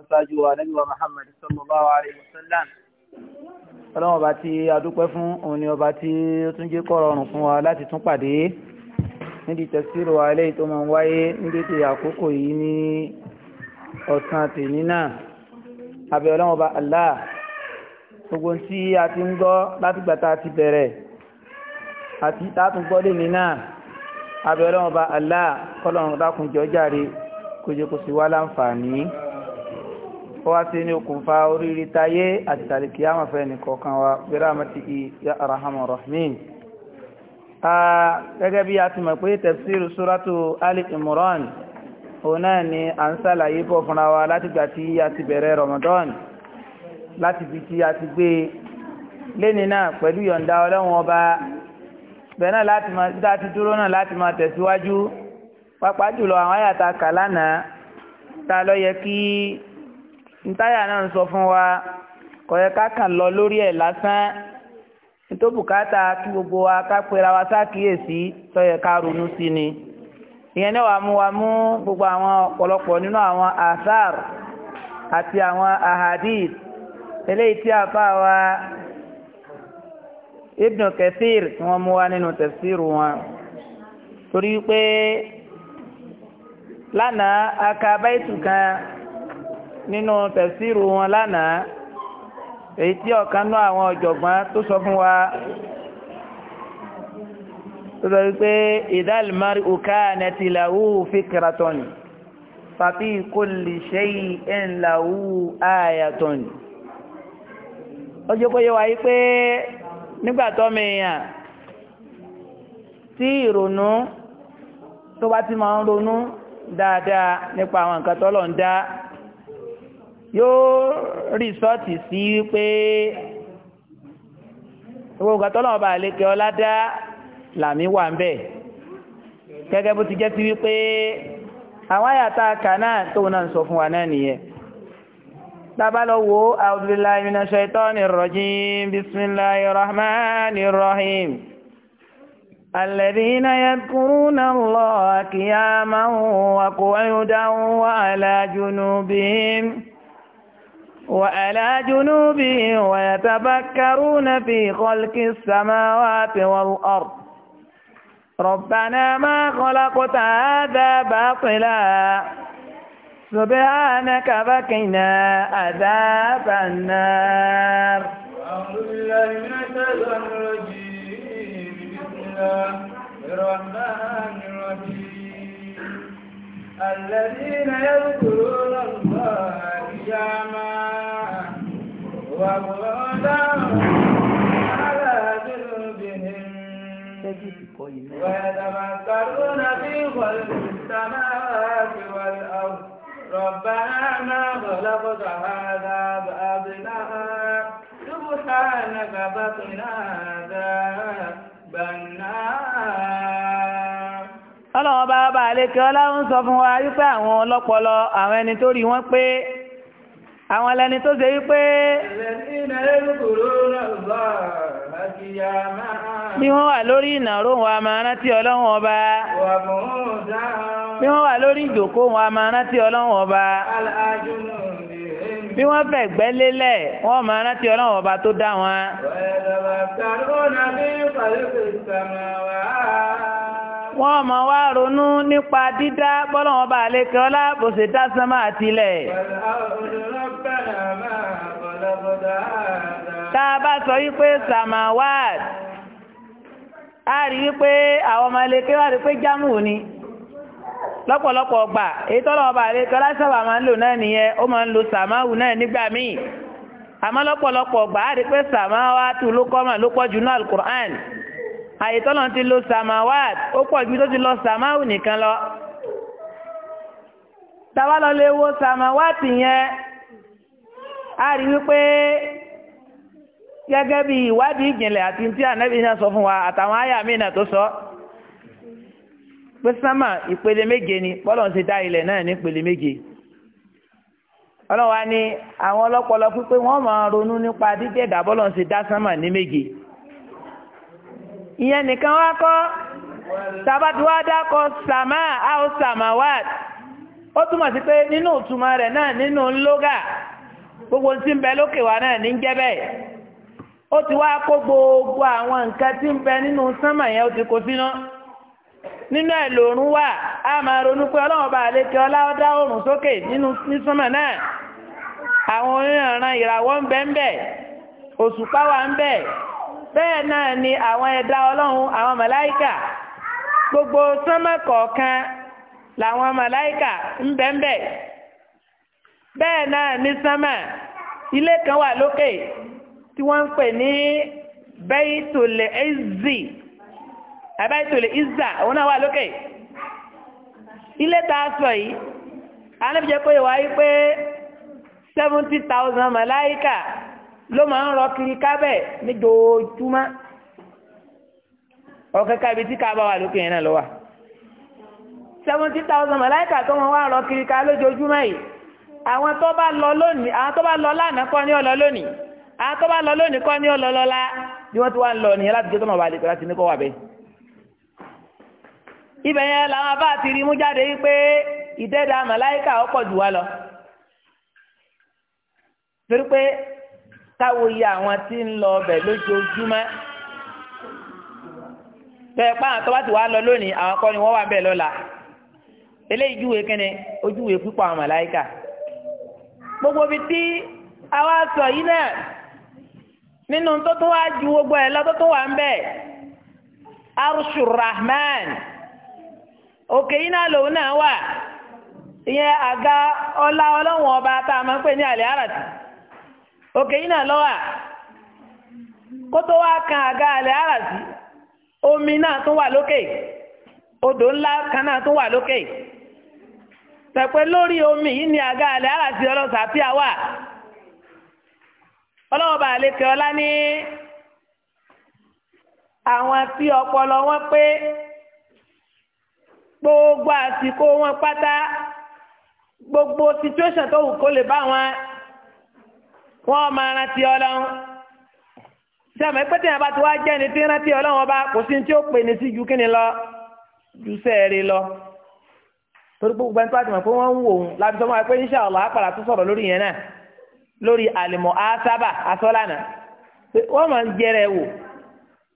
aṣáájú wa Ànábì wa Muhammad sallallahu alayhi wa sallam ọlọ́run ọba tí a dúpẹ́ fún òun ni ọba tí ó tún jẹ́ kó rọrùn fún wa láti tún pàdé níbi tẹ̀síìrò wa eléyìí tó máa ń wáyé nídètè àkókò yìí ní ọ̀sán tèmi náà abẹ́ ọlọ́run ọba Allah gbogbo tí a ti ń gbọ́ látìgbà tá a ti bẹ̀rẹ̀ àti látún gbọ́ lèmi náà abẹ́ ọlọ́run ọba Allah kọ́lọ́run dákunjọ́ jàre kó jẹ́ kó sì wá láǹfààní wá sí ní okùnfà oríire táyé àti tàríkì àmà fẹ́ nìkọ̀ọ̀kan wa birahmatihi ya arhamar rahimin gẹ́gẹ́ bí a ti mọ̀ pé tafsir suratu ali imran òun náà ni à ń sàlàyé bọ̀ fúnra wa látìgbà tí a ti bẹ̀rẹ̀ ramadan láti fi tí a ti gbé e. léni náà pẹ̀lú yọ̀ǹda ọlọ́run ọba bẹ́ẹ̀ náà láti máa dá ti dúró náà láti máa tẹ̀síwájú pàápàá jùlọ àwọn àyàtà kà lánàá ta yẹ kí ntáyà náà ń sọ fún wa ká lọ lórí ẹ̀ lásán tó bùkátà kí gbogbo wa ká pera wa sákìyèsí ká ronú sí ni ìyẹn náà wà mú gbogbo àwọn ọ̀pọ̀lọpọ̀ nínú àwọn asar àti àwọn ahadit eléyìí tí a fà wá ibnu tí mú wa nínú wọn torí nínú tẹ̀síìrù wọn lánàá èyí tí ọ̀kan náà àwọn ọ̀jọ̀gbọ́n tó sọ fún wa tó sọ wípé ìdálmárì òkà nẹtìláwù fíkìrátọ́nì fàbí kòlì ṣẹ́yì ẹ̀ńláwù àyàtọ́nì. ó jẹ́ kó yé wa yí pé nígbà tó mi yàn tí ìrònú tó bá ti máa ń ronú dáadáa nípa àwọn nǹkan tó lọ ń dá yóò rìsọ́ọ̀tì sí pé gbogbo nǹkan tọ́lọ́ ọba àlekè ọlá dá làmì wà ń bẹ̀ gẹ́gẹ́ bó ti jẹ́ sí wípé àwọn àyàtà kà náà tóun náà ń sọ fún wa náà nìyẹn tabalọ́wọ́ àwùdíláì mina ṣaitọ́ni rọ̀jìn bismillahi rahmani rahim alẹ́dínà yẹ kúrú náà lọ kíyàmáwó wa وعلى جنوبهم ويتفكرون في خلق السماوات والأرض ربنا ما خلقت هذا باطلا سبحانك فقنا عذاب النار أعوذ بالله من الشيطان الرجيم بسم الله الرحمن الرحيم الذين يذكرون الله قياما وقعودا على جنوبهم ويتفكرون في خلق السماوات والأرض ربنا ما خلقت هذا بأبناء سبحانك بقنا ذا النار àlékẹ́ ọlọ́run sọ fún wa wípé àwọn ọlọ́pọlọ àwọn ẹni tó rí wọ́n pé àwọn ẹlẹ́ni tó ṣe wípé bí wọ́n wà lórí ìnàró wọn a rántí ọlọ́run ọba bí wọ́n wà lórí ìjòkó wọn a rántí ọlọ́run ọba bí wọ́n fẹ̀gbẹ́ lélẹ̀ wọ́n máa rántí ọlọ́run ọba tó dá wọn wọ́n mọ̀ wá ronú nípa dídá bọ́lọ̀wọ́n bá lè kẹ́ ọlá bó ṣe dá sánmà àtilẹ̀ tá a bá sọ wípé samawad a rí wípé àwọn ọmọ ilé kí wá rí pé jámù ni lọ́pọ̀lọpọ̀ ọgbà èyí tọ́lọ̀wọ́n bá lè kẹ́ ọlá sábà máa ń lò náà nìyẹn ó máa ń lo samawu náà nígbà míì àmọ́ lọ́pọ̀lọpọ̀ ọgbà a rí pé samawatu ló mà ló jù náà àyè tọ́lọ́n ti lo samawad, ó pọ̀ ju tó ti lọ samawu nìkan lọ tàwa lọ lè wo samawat yẹn a rí wípé gẹ́gẹ́ bí ìwádìí ìjìnlẹ̀ àti tí ànábì náà sọ fún wa àtàwọn àyà mi náà tó sọ pé sámà ìpele méje ni bọ́lọ̀ ti dá ilẹ̀ náà ní ìpele méje ọlọ́wà ni àwọn ọlọ́pọlọ pípé wọ́n máa ronú nípa dídẹ̀dà bọ́lọ̀ ti dá sámà ní méje ìyẹn nìkan wá kọ́ tàbátúwá dákọ̀ sàmà áò sàmàwàt ó túmọ̀ sí pé nínú ìtumọ̀ rẹ̀ náà nínú lógà gbogbo tí ń bẹ lókè wá náà ní jẹ́ bẹ́ẹ̀ ó ti wá kó gbogbo àwọn nǹkan tí ń bẹ nínú sánmà yẹn ó ti kó sínú nínú ẹ̀ lòrùn wà á máa ronú pé ọlọ́run bá lè kí ọlá dá òrùn sókè nínú sánmà náà àwọn oníranran ìràwọ̀ ń bẹ ń bẹ òṣùpá wà ń bẹ bẹ́ẹ̀ náà ni àwọn ẹ̀dá ọlọ́run àwọn màláìkà gbogbo sánmà kọ̀ọ̀kan làwọn màláìkà ń bẹ́ńbẹ́ bẹ́ẹ̀ náà ni sánmà ilé kan wà lókè tí wọ́n ń pè ní bẹ́ẹ̀tòlè ẹ̀zì àbẹ́ẹ̀tòlè ìzà òun náà wà lókè ilé tá a sọ yìí anábìjẹ́ pé wáyé pé seventy thousand màláìkà ló máa ń rọ kiri kábẹ̀ níjojúmọ́ ọ̀kẹ́ kábi tí kábà wà lókè yẹn náà lọ́wọ́ seventy thousand màláìkà tó wọn wá rọ kiri ká lójoojúmọ́ yìí àwọn tó bá lọ lónìí àwọn tó bá lọ lánàá kọ́ ní ọ̀lọ́ lónìí àwọn tó bá lọ lónìí kọ́ ní ọ̀lọ́ lọ́la bí wọ́n ti wá ń lọ nìyẹn láti jẹ́ tó máa wà lẹ́kọ̀ọ́ láti ní kọ́ wà bẹ́ẹ̀. ibẹ̀ yẹn làwọn bá ti rí mú jáde yìí pé ìdẹ́dà màláìkà ọ̀pọ̀ jù wá lọ. torí pé táwo yẹ àwọn tí ń lọ ọbẹ̀ lójoojúmọ́ tọ́yẹ pa àwọn tó bá ti wá lọ lónìí àwọn ni wà eléyìí júwe ojúwe àwọn gbogbo bíi tí sọ yìí náà nínú tó wá ju gbogbo lọ tó wà ń rahman òkè yìí náà lòun náà wà ìyẹn àga ọlá ọba tá a máa ń òkè yìí náà lọ́wà kótó wá kan àga àlẹ́ àràsí omi náà tún wà lókè odò ńlá kan náà tún wà lókè pẹ̀pẹ́ lórí omi yìí ni àga àlẹ́ àràsí ọlọ́sà tí a wà ọlọ́wọ́ bá àlekè ọlá ní àwọn tí ọpọlọ wọn pé gbogbo àsìkò wọn pátá gbogbo situation tó wù kó lè bá wọn. wọ́n máa rántí ọlọ́run sẹ́mi pété yẹn bá ti wá jẹ́ ni tí rántí ọlọ́run ọba kò sí tí ó pè ní sí ju kíni lọ ju sẹ́ẹ̀rì lọ torí pé gbogbo ẹni tó bá ti mọ̀ pé wọ́n ń wò ó láti sọ wọn pé insha Allah àpàrà tó sọ̀rọ̀ lórí yẹn náà lórí àlìmọ̀ àásábà asọ́lànà pé wọ́n máa ń jẹrẹ wò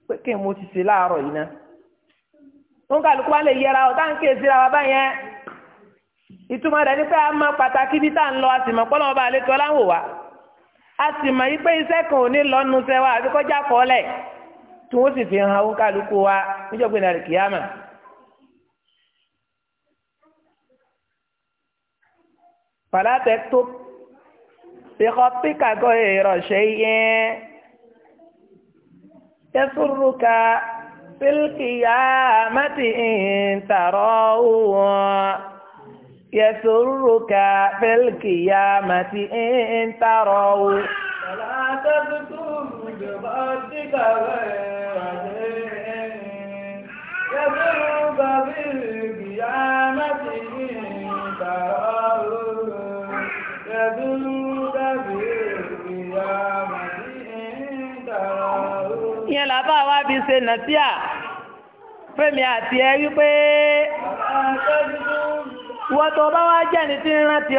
pé kí n mo ti ṣe láàárọ̀ yìí náà wọn kàlùkù wa lè yẹra ọ̀ táwọn kéèsì ra wa báyẹn ìtumọ̀ rẹ̀ ni pé a máa pàtàkì bí tá à ń lọ àsìmọ̀ pọ́lọ́mọba àlejò ọláwò wa a sì mọ̀ yí pé iṣẹ́ kan ò ní lọ́nu sẹ́ wa àbí kọjá kọ́lẹ̀ tí wọ́n sì fi hàn ó kálukú wa níjọba ìnáyà kìámà. fàlàtẹ̀ tó bíkọ́ píkàgọ́ ìrọ̀ṣẹ́ yẹn yẹsùrùkà fílkìyàmẹ́tì ń tàrọ́ wọn. يسرك في القيامة إن تروا فلا تبتم ببعدك يسرك في القيامة إن تروا يسرك في القيامة إن تروا يا لابا وابي سنتيا fẹ́mi àti ẹ wípé. ọ̀la tẹ́lifù wọ́n tó bá wá jẹ́ ní tí ń rántí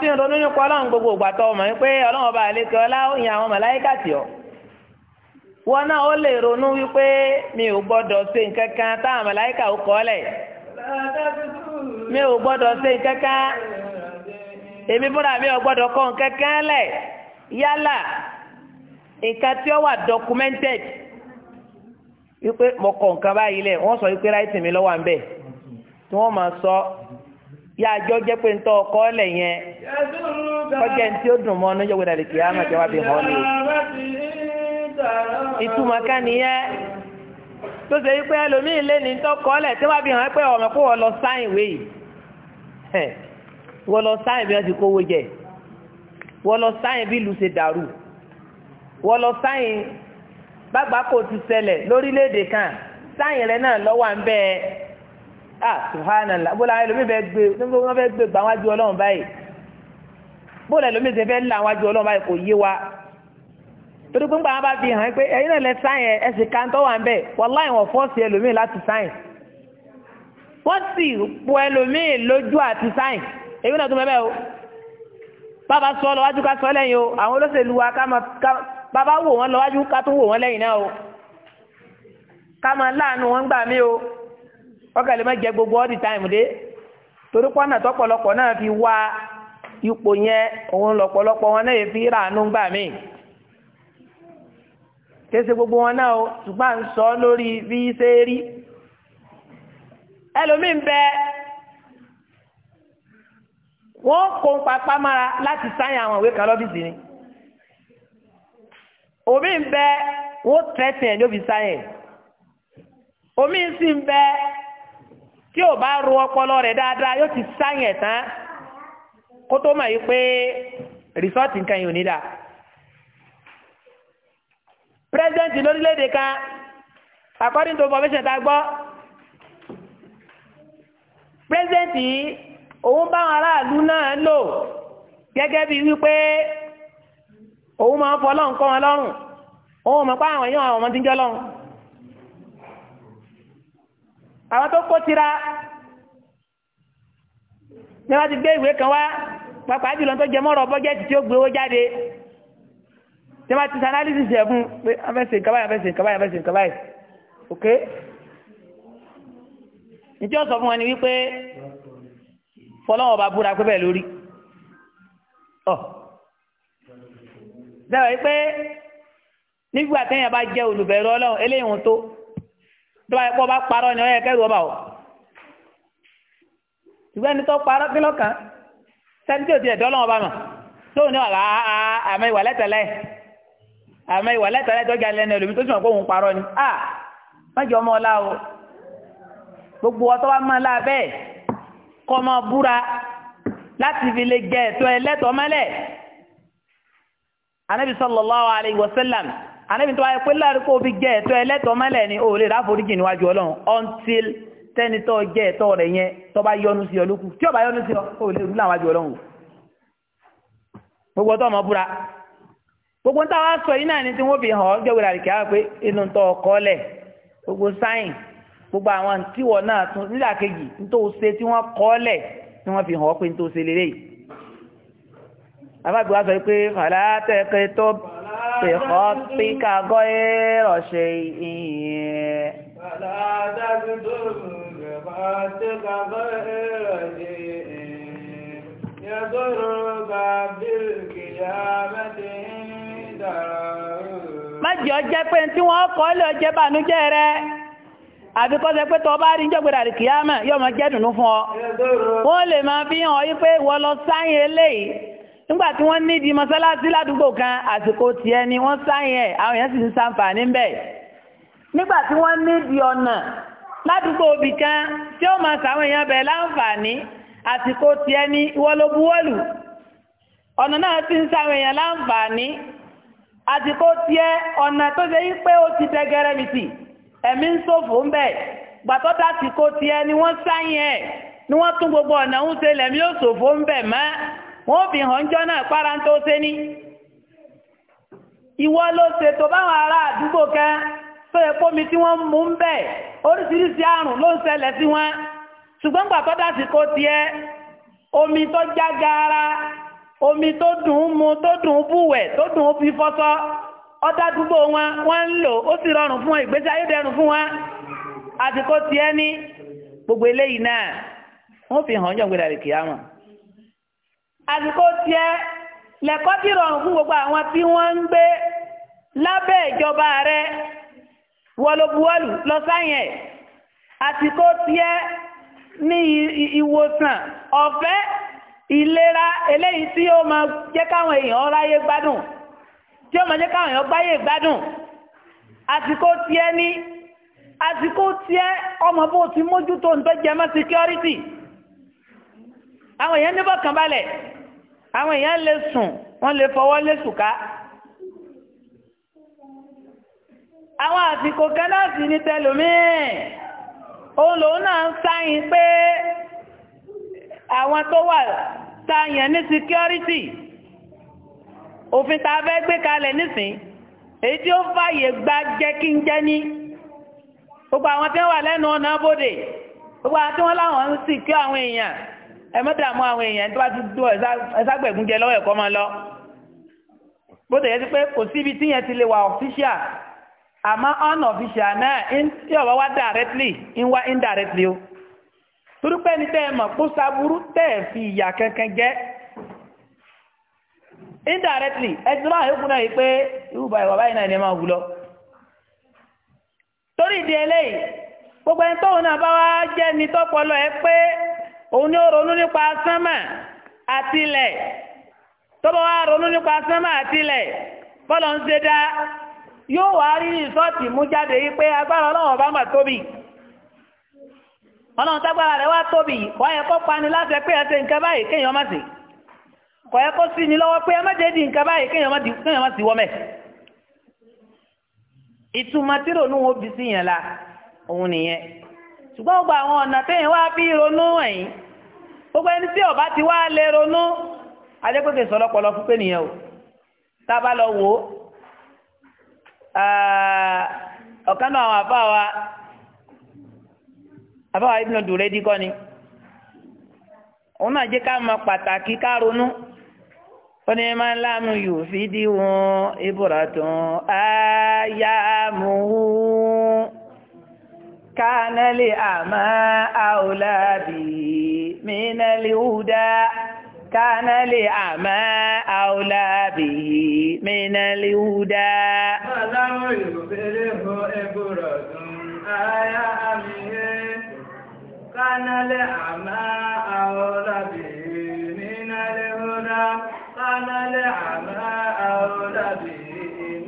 tí ronú nípa ọlọ́run gbogbo ìgbà tó mọ̀ òyìn àwọn màláíkà tì ọ́ wọ́n náà ó lè ronú wípé mi ò gbọ́dọ̀ ṣe nǹkan táwọn ó kọ́ mi ò gbọ́dọ̀ ṣe èmi fúnra ò gbọ́dọ̀ kọ́ lẹ̀ yálà tí ó wà documented wípé mo báyìí lẹ̀ wọ́n sọ wípé yà àjọ jẹ́ pé ń ọkọ lẹ̀ yẹn kọjá ní ó dùn mọ́ ọ́nújọ́ gbọdọ̀ lè kí á màjọ́ wá bí hàn ní. ìtumọ̀ ká nìyẹn tó ṣe lé ní tọkọ lẹ̀ tí wọ́n bí hàn pé ọmọ kó wọ́n lọ sáìn wéyì wọ́n lọ sáìn bí wọ́n ti kówó jẹ wọ́n lọ sáìn bí ìlú ṣe dàrú wọ́n lọ bàgbà kò ti lórílẹ̀‐èdè kan ah subhanallah bó làwọn ẹlòmíì bẹ́ẹ̀ gbé wọ́n fẹ́ gbé gbà wájú ọlọ́run báyìí bó làwọn ẹlòmíì ṣe fẹ́ là wájú ọlọ́run báyìí kò yé wa torí pé nígbà wọn bá fi hàn pé ẹ̀yin náà lẹ sáyìn ẹ ẹ sì ká ń tọ́wà ń bẹ̀ wàláì wọn fọ́ọ̀sì ẹlòmíì láti sáyìn wọ́n sì po ẹlòmíì lójú àti sáyìn èyí náà tó mẹ́bẹ́ o bàbá sọ lọ wájú ká sọ lẹ́yìn o àwọn olóṣèlú wa ká máa ká bàbá wò wọ́n lọ wájú ká tó wò wọ́n lẹ́yìn náà o ká máa láàánú wọn gbà mí o ọkàlẹ̀ má jẹ gbogbo all the dé torí pọ́nà tọ́pọ̀lọpọ̀ náà fi wá ipò yẹn òun lọ̀pọ̀lọpọ̀ wọn náà fi ràánú gbà mí kése gbogbo wọn náà ṣùgbọ́n à ń sọ lórí bí ṣe rí ẹlòmíì bẹ wọ́n kó ń papá láti àwọn kan ni omi bẹ tẹ̀sìn ẹ̀ ní òbí tí ò bá ro ọpọlọ rẹ̀ dáadáa yóò ti sáyẹn tán kó tó mọ̀ yìí pé rìsọ́ọ̀tì nǹkan yìí ò ní dà pírẹsidẹ́ǹtì lórílẹ̀‐èdè kan according to information tá a gbọ́ pírẹsidẹ́ǹtì òun báwọn aráàlú náà lò gẹ́gẹ́ bíi wípé òun máa ń fọlọ́ wọn lọ́rùn òun mọ̀ pé àwọn èèyàn àwọn ọmọ ń jọ́ lọ́rùn àwọn tó kó tira ní wọ́n ti gbé ìwé kan wá pàápàá jùlọ tó jẹ mọ́rọ̀ bọ́jẹ́tì tí ó gbé owó jáde tí wọ́n ti sanalysis ẹ̀ fún pé afẹ́sẹ̀ nǹkan báyìí afẹ́sẹ̀ nǹkan báyìí afẹ́sẹ̀ nǹkan báyìí ok njẹ́ ọ̀sọ̀ fún wọn ni wípé fọlọ́wọ́n bá búra pé bẹ́ẹ̀ lórí ọ̀ dábàá wípé nígbà téèyàn bá jẹ́ olùbẹ̀rù ọlọ́run eléyìí ń tó tó bá yẹ kó bá parọ́ ni ọ yẹ kẹ́rù ọba o ṣùgbọ́n ẹni tó parọ́ kí lọ́kàn sẹ́ni tí ò ti ẹ̀dọ́ lọ́wọ́ bá mà tóun ní ọ̀la àmọ́ ìwà lẹ́tẹ̀lẹ́ àmọ́ ìwà lẹ́tẹ̀lẹ́ tó ga lẹ́nu ẹlòmí tó sì mọ̀ pé òun parọ́ ni a má jẹ́ ọmọ ọlá o gbogbo ọtọ́ wa máa la bẹ́ẹ̀ kọ́ ọmọ búra láti fi lè jẹ ẹlẹ́tọ̀ọ́ mẹ́lẹ̀ anabi sallallahu alayhi wa àníbi tó wáyé pé lárúkọ òbí jẹ́ ẹ̀tọ́ ẹlẹ́tọ́ mẹ́lẹ̀ ni ó lè ráforíjì níwájú ọlọ́run until tẹ́nitọ́ jẹ́ ẹ̀tọ́ rẹ̀ yẹn tó bá yọnu sí ọ lókù tí ó bá yọnu sí ọ ó lè rú láwájú ọlọ́run gbogbo tó ọmọ búra gbogbo tó wá sọ yìí náà ni tí wọ́n fi hàn ọ́ jẹ́ wíra rìkì àwọn pé inú tó ọkọ lẹ̀ gbogbo sáyìn gbogbo àwọn tíwọ̀ náà tún nígbà kejì nítorí ṣe tí wọ́n kọ́ lẹ̀ tí wọ́n fi hàn ọ́ pé nítorí ṣe lélẹ́yìí àbábíwá sọ pé fàlà tẹ́kẹ́ tó بخطك غير شيء فلا تكتب بخطك غير شيء يضرك بالقيامة عند má jẹ́ ọjẹ́ pé tí wọ́n kọ́ lé ọjẹ́ bànújẹ́ rẹ àbíkọ́sẹ̀ pé tọ́ bá rí jọ́gbẹ̀rẹ̀ àríkìyàmọ̀ yọ́ mọ̀ jẹ́ dùnú fún ọ wọ́n lè máa fi hàn yí pé wọ́n lọ sáyé eléyìí nígbà tí wọ́n nídìí mọ́sálásí ládùúgbò kan àsìkò tiẹ̀ ni wọ́n sáyẹn ẹ̀ àwọn èèyàn sì ń sàǹfààní ń bẹ̀. nígbà tí wọ́n nídìí ọ̀nà ládùúgbò òbí kan tí ó máa sàwọn èèyàn bẹ̀ láǹfààní àsìkò tiẹ̀ ni ìwọ ló buwọ́lù. ọ̀nà náà ti ń sàwọn èèyàn láǹfààní àsìkò tiẹ̀ ọ̀nà tó ṣe yí pé ó ti tẹ gẹrẹmìtì ẹ̀mí ń ṣòfò ń bẹ̀ gbàtọ́ wọ́n fi hàn jọ náà para tó ṣe ní ìwọ ló ṣètò báwọn ará àdúgbò kan tó yẹ kómi tí wọ́n mú ń bẹ̀ oríṣiríṣi àrùn ló ń sí wọ́n ṣùgbọ́n omi tó já omi tó dùn tó dùn búwẹ̀ tó dùn fi fọ́sọ́ àdúgbò wọn gbogbo eléyìí náà wọ́n fi hàn àsìkò tiẹ̀ lẹ́kọ́ ti rọrùn fún gbogbo àwọn tí wọ́n ń gbé lábẹ́ ìjọba rẹ̀ wọlọ́buwọ́lù lọ sáyẹn àsìkò tiẹ̀ ní ìwòsàn ọ̀fẹ́ ìlera eléyìí tí ó máa jẹ́ káwọn èèyàn ráyé gbádùn tí ó máa jẹ́ káwọn èèyàn gbáyé gbádùn àsìkò tiẹ̀ ní àsìkò tiẹ̀ ọmọ bó ti mójútó ń tọ́jú ẹmọ́ security àwọn èèyàn níbọ̀ kàn balẹ̀ àwọn èèyàn lè sùn wọ́n lè fọwọ́ lé sùká àwọn àsìkò kan náà sì ní tẹlòmíì òun lòun náà ń sáyìn pé àwọn tó wà sáyìn ní security òfin tá a fẹ́ gbé kalẹ̀ nísìn èyí tí ó fàyè gba jẹ́ kí ń jẹ́ ní gbogbo àwọn tí wọ́n wà lẹ́nu ọ̀nà bòdè gbogbo àwọn tí wọ́n láwọn ń sì kí àwọn èèyàn ẹ má dààmú àwọn èèyàn tó bá ti dó ẹ̀ságbẹ̀gúnjẹ lọ́wọ́ ẹ̀kọ́ máa lọ bó tẹ̀yẹ́ sí pé kò síbi tí yẹn ti lè wà official àmọ́ unofficial náà tí ọ̀wọ́ wá directly ń wá indirectly o torí pé ní tẹ́ ẹ mọ̀ kó sábúrú tẹ́ ẹ fi ìyà kankan jẹ́ indirectly ẹ ti máa yókù náà yìí pé irú báyìí wà báyìí náà ni ẹ máa wù lọ torí ìdí eléyìí gbogbo ẹni tóun náà bá wá jẹ́ ni tọ́pọ̀ lọ ẹ pé òun ni ó ronú nípa sánmà àtilẹ̀ tọ́bọ̀ wá ronú nípa sánmà àtilẹ̀ bọ́lọ̀ ń ṣe dá yóò wá rí rìsọ́ọ̀tì mú jáde yí pé agbára ọlọ́run ọba mà tóbi ọlọ́run tágbára rẹ̀ wá tóbi kò yẹ kó pani láti pé ẹ ṣe nǹkan báyìí kéèyàn má ṣe kò kó sí ni ṣùgbọ́n gbogbo àwọn ọ̀nà téèyàn wá bí ronú ẹ̀yìn gbogbo ẹni tí ọba ti wá lè ronú adékòkè sọlọpọlọ fún pé o tá bá lọ wò ó ọ̀kan náà àwọn àfáwa àfáwa ibùdó dùn rédí kọ́ ni òun náà jẹ́ ká mọ pàtàkì ká ronú ó ní máa ń كان لأما أولى من الهدى كان لأما أولى من الهدى فلو يبره إبرة آية أمه كان لأما أولى من الهدى كان لأما أولى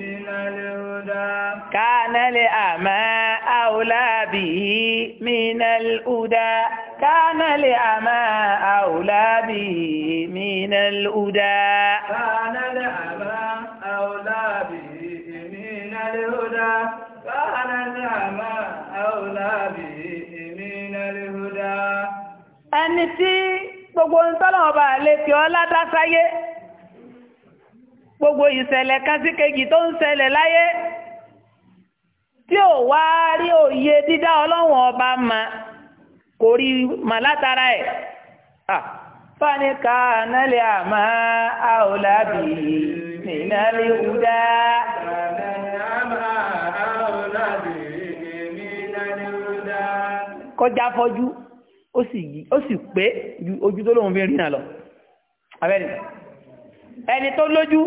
من الهدى كان لأما أولى به من الأدى كان لأما أولى به من الأدى كان لأما أولى به من الهدى كان لأما أولى به من الهدى ẹni tí gbogbo ń tọ́lọ̀ ọba àlejò ọládá sáyé gbogbo ìṣẹ̀lẹ̀ kan sí kejì tó ń ṣẹlẹ̀ láyé tí ò wá rí òye dídá ọlọ́run ọba ma kò rí mà látara ẹ̀ fani ka nálẹ̀ àmà àwòlábì nínálẹ̀ ìwúdá. kọjá fọjú ó sì pé ojú tó lóun fi rìnà lọ abẹ́rẹ́ ẹni tó lójú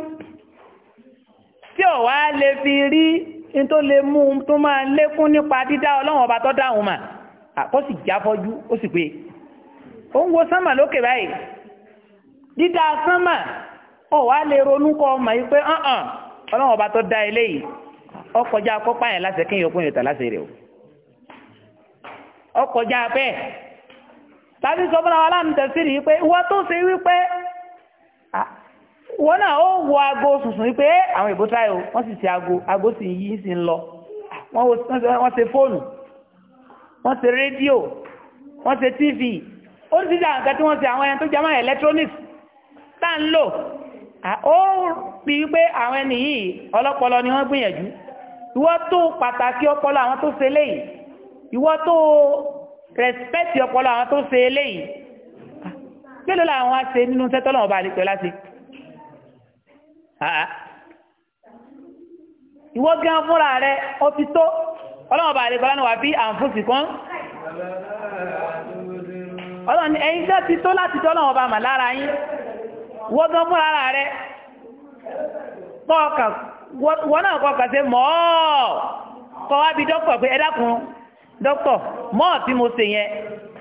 tí ò wá lè fi rí ní tó lè mú un tó máa lékún nípa dídá ọlọ́run ọba tó dáhùn mà àkọ́ sì jáfọ́jú ó sì pé ó ń wo sánmà lókè báyìí dídá sánmà ó wá lè ronú kọ ọmọ yìí pé ọ̀hàn ọlọ́run ọba tó dá eléyìí ọkọjá kọ́pá yẹn láṣẹ kéèyàn kún yòtà láṣẹ rẹ̀ o ọkọjá bẹ́ẹ̀ tàbí sọ fúnra wa láàmì rí i pé ìwọ tó ṣe wípé wọ́n náà ó wo aago sùsùn wípé àwọn ìbò táyò wọ́n sì ti aago aago sì yí sí ń lọ wọ́n ṣe fóònù wọ́n ṣe rédíò wọ́n ṣe tv ó ti dà nǹkan tí wọ́n ṣe àwọn ẹni tó jẹ́ electronics tá ń lò ó rí i pé àwọn ẹni yìí ọlọ́pọlọ ni wọ́n gbìyànjú ìwọ tó pàtàkì ọpọlọ àwọn tó ṣe léyìí ìwọ tó rẹ̀spẹ̀tì ọpọlọ àwọn tó ṣe léyìí kí ló làwọn á ṣe nínú sẹ́tọ́lọ́wọ́n bá àlejò láti Ah, ah. ìwọ gan fúnra rẹ̀ ó ti tó ọlọ́wọ́n bá lè kọ́lá ní wà bí àǹfùsì kan ọlọ́ni ẹ̀yin jẹ́ ti tó láti tọ́ lọ́wọ́ bá mà lára yín wọ́n gan múra ara rẹ̀ wọ́n náà kọ́kà sí mọ́ kọ́ wá bí dókítà pé ẹ dákun dókítà mọ́ tí mo ṣe yẹn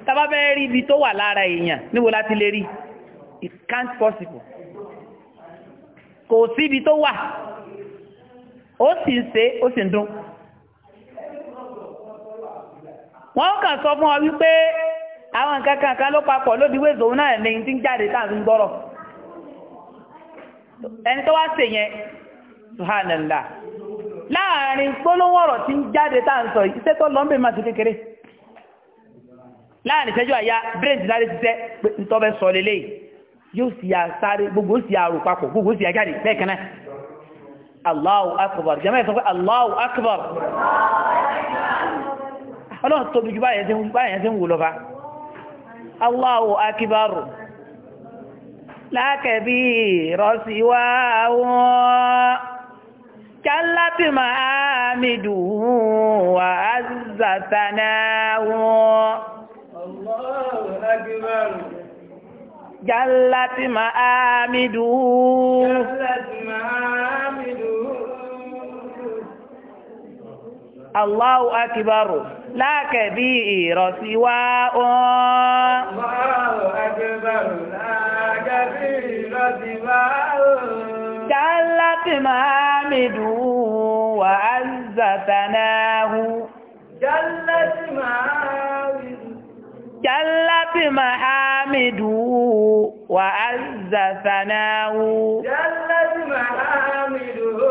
tá bá fẹ́ rí ibi tó wà lára èèyàn níbo láti lè rí can't possible kò síbi tó wà ó sì ń se ó sì ń dún wọ́n kàn sọ fún ọ wípé àwọn nǹkan ló papọ̀ lódiwé zòun náà lẹ́yìn tí ń jáde táàrí ń gbọ́rọ̀ ẹni tó wá ṣe yẹn ṣùhánàlá láàrin gbólówó tí ń jáde táà sọ tó lọ́nbẹ̀ máa láàrin ìṣẹ́jú àyà brain ti sáré ti yóò sì yà sáré gbogbo sì yà rò papọ̀ gbogbo sì yà jáde bẹ́ẹ̀ kan náà Allahu akbar jama ẹ̀ sọ pé Allahu akbar ọlọ́run tóbi ju báyẹn tí ń wò lọ́ba Allahu akbar lákẹ̀bí rọ́síwáwọ́ جلت مآمده جلت مآمده الله أكبر لا كبير سواء الله أكبر لا كبير سواء جلت مآمده وعز ثناه جلت مآمده جل محامده وعز ثناه جل محامده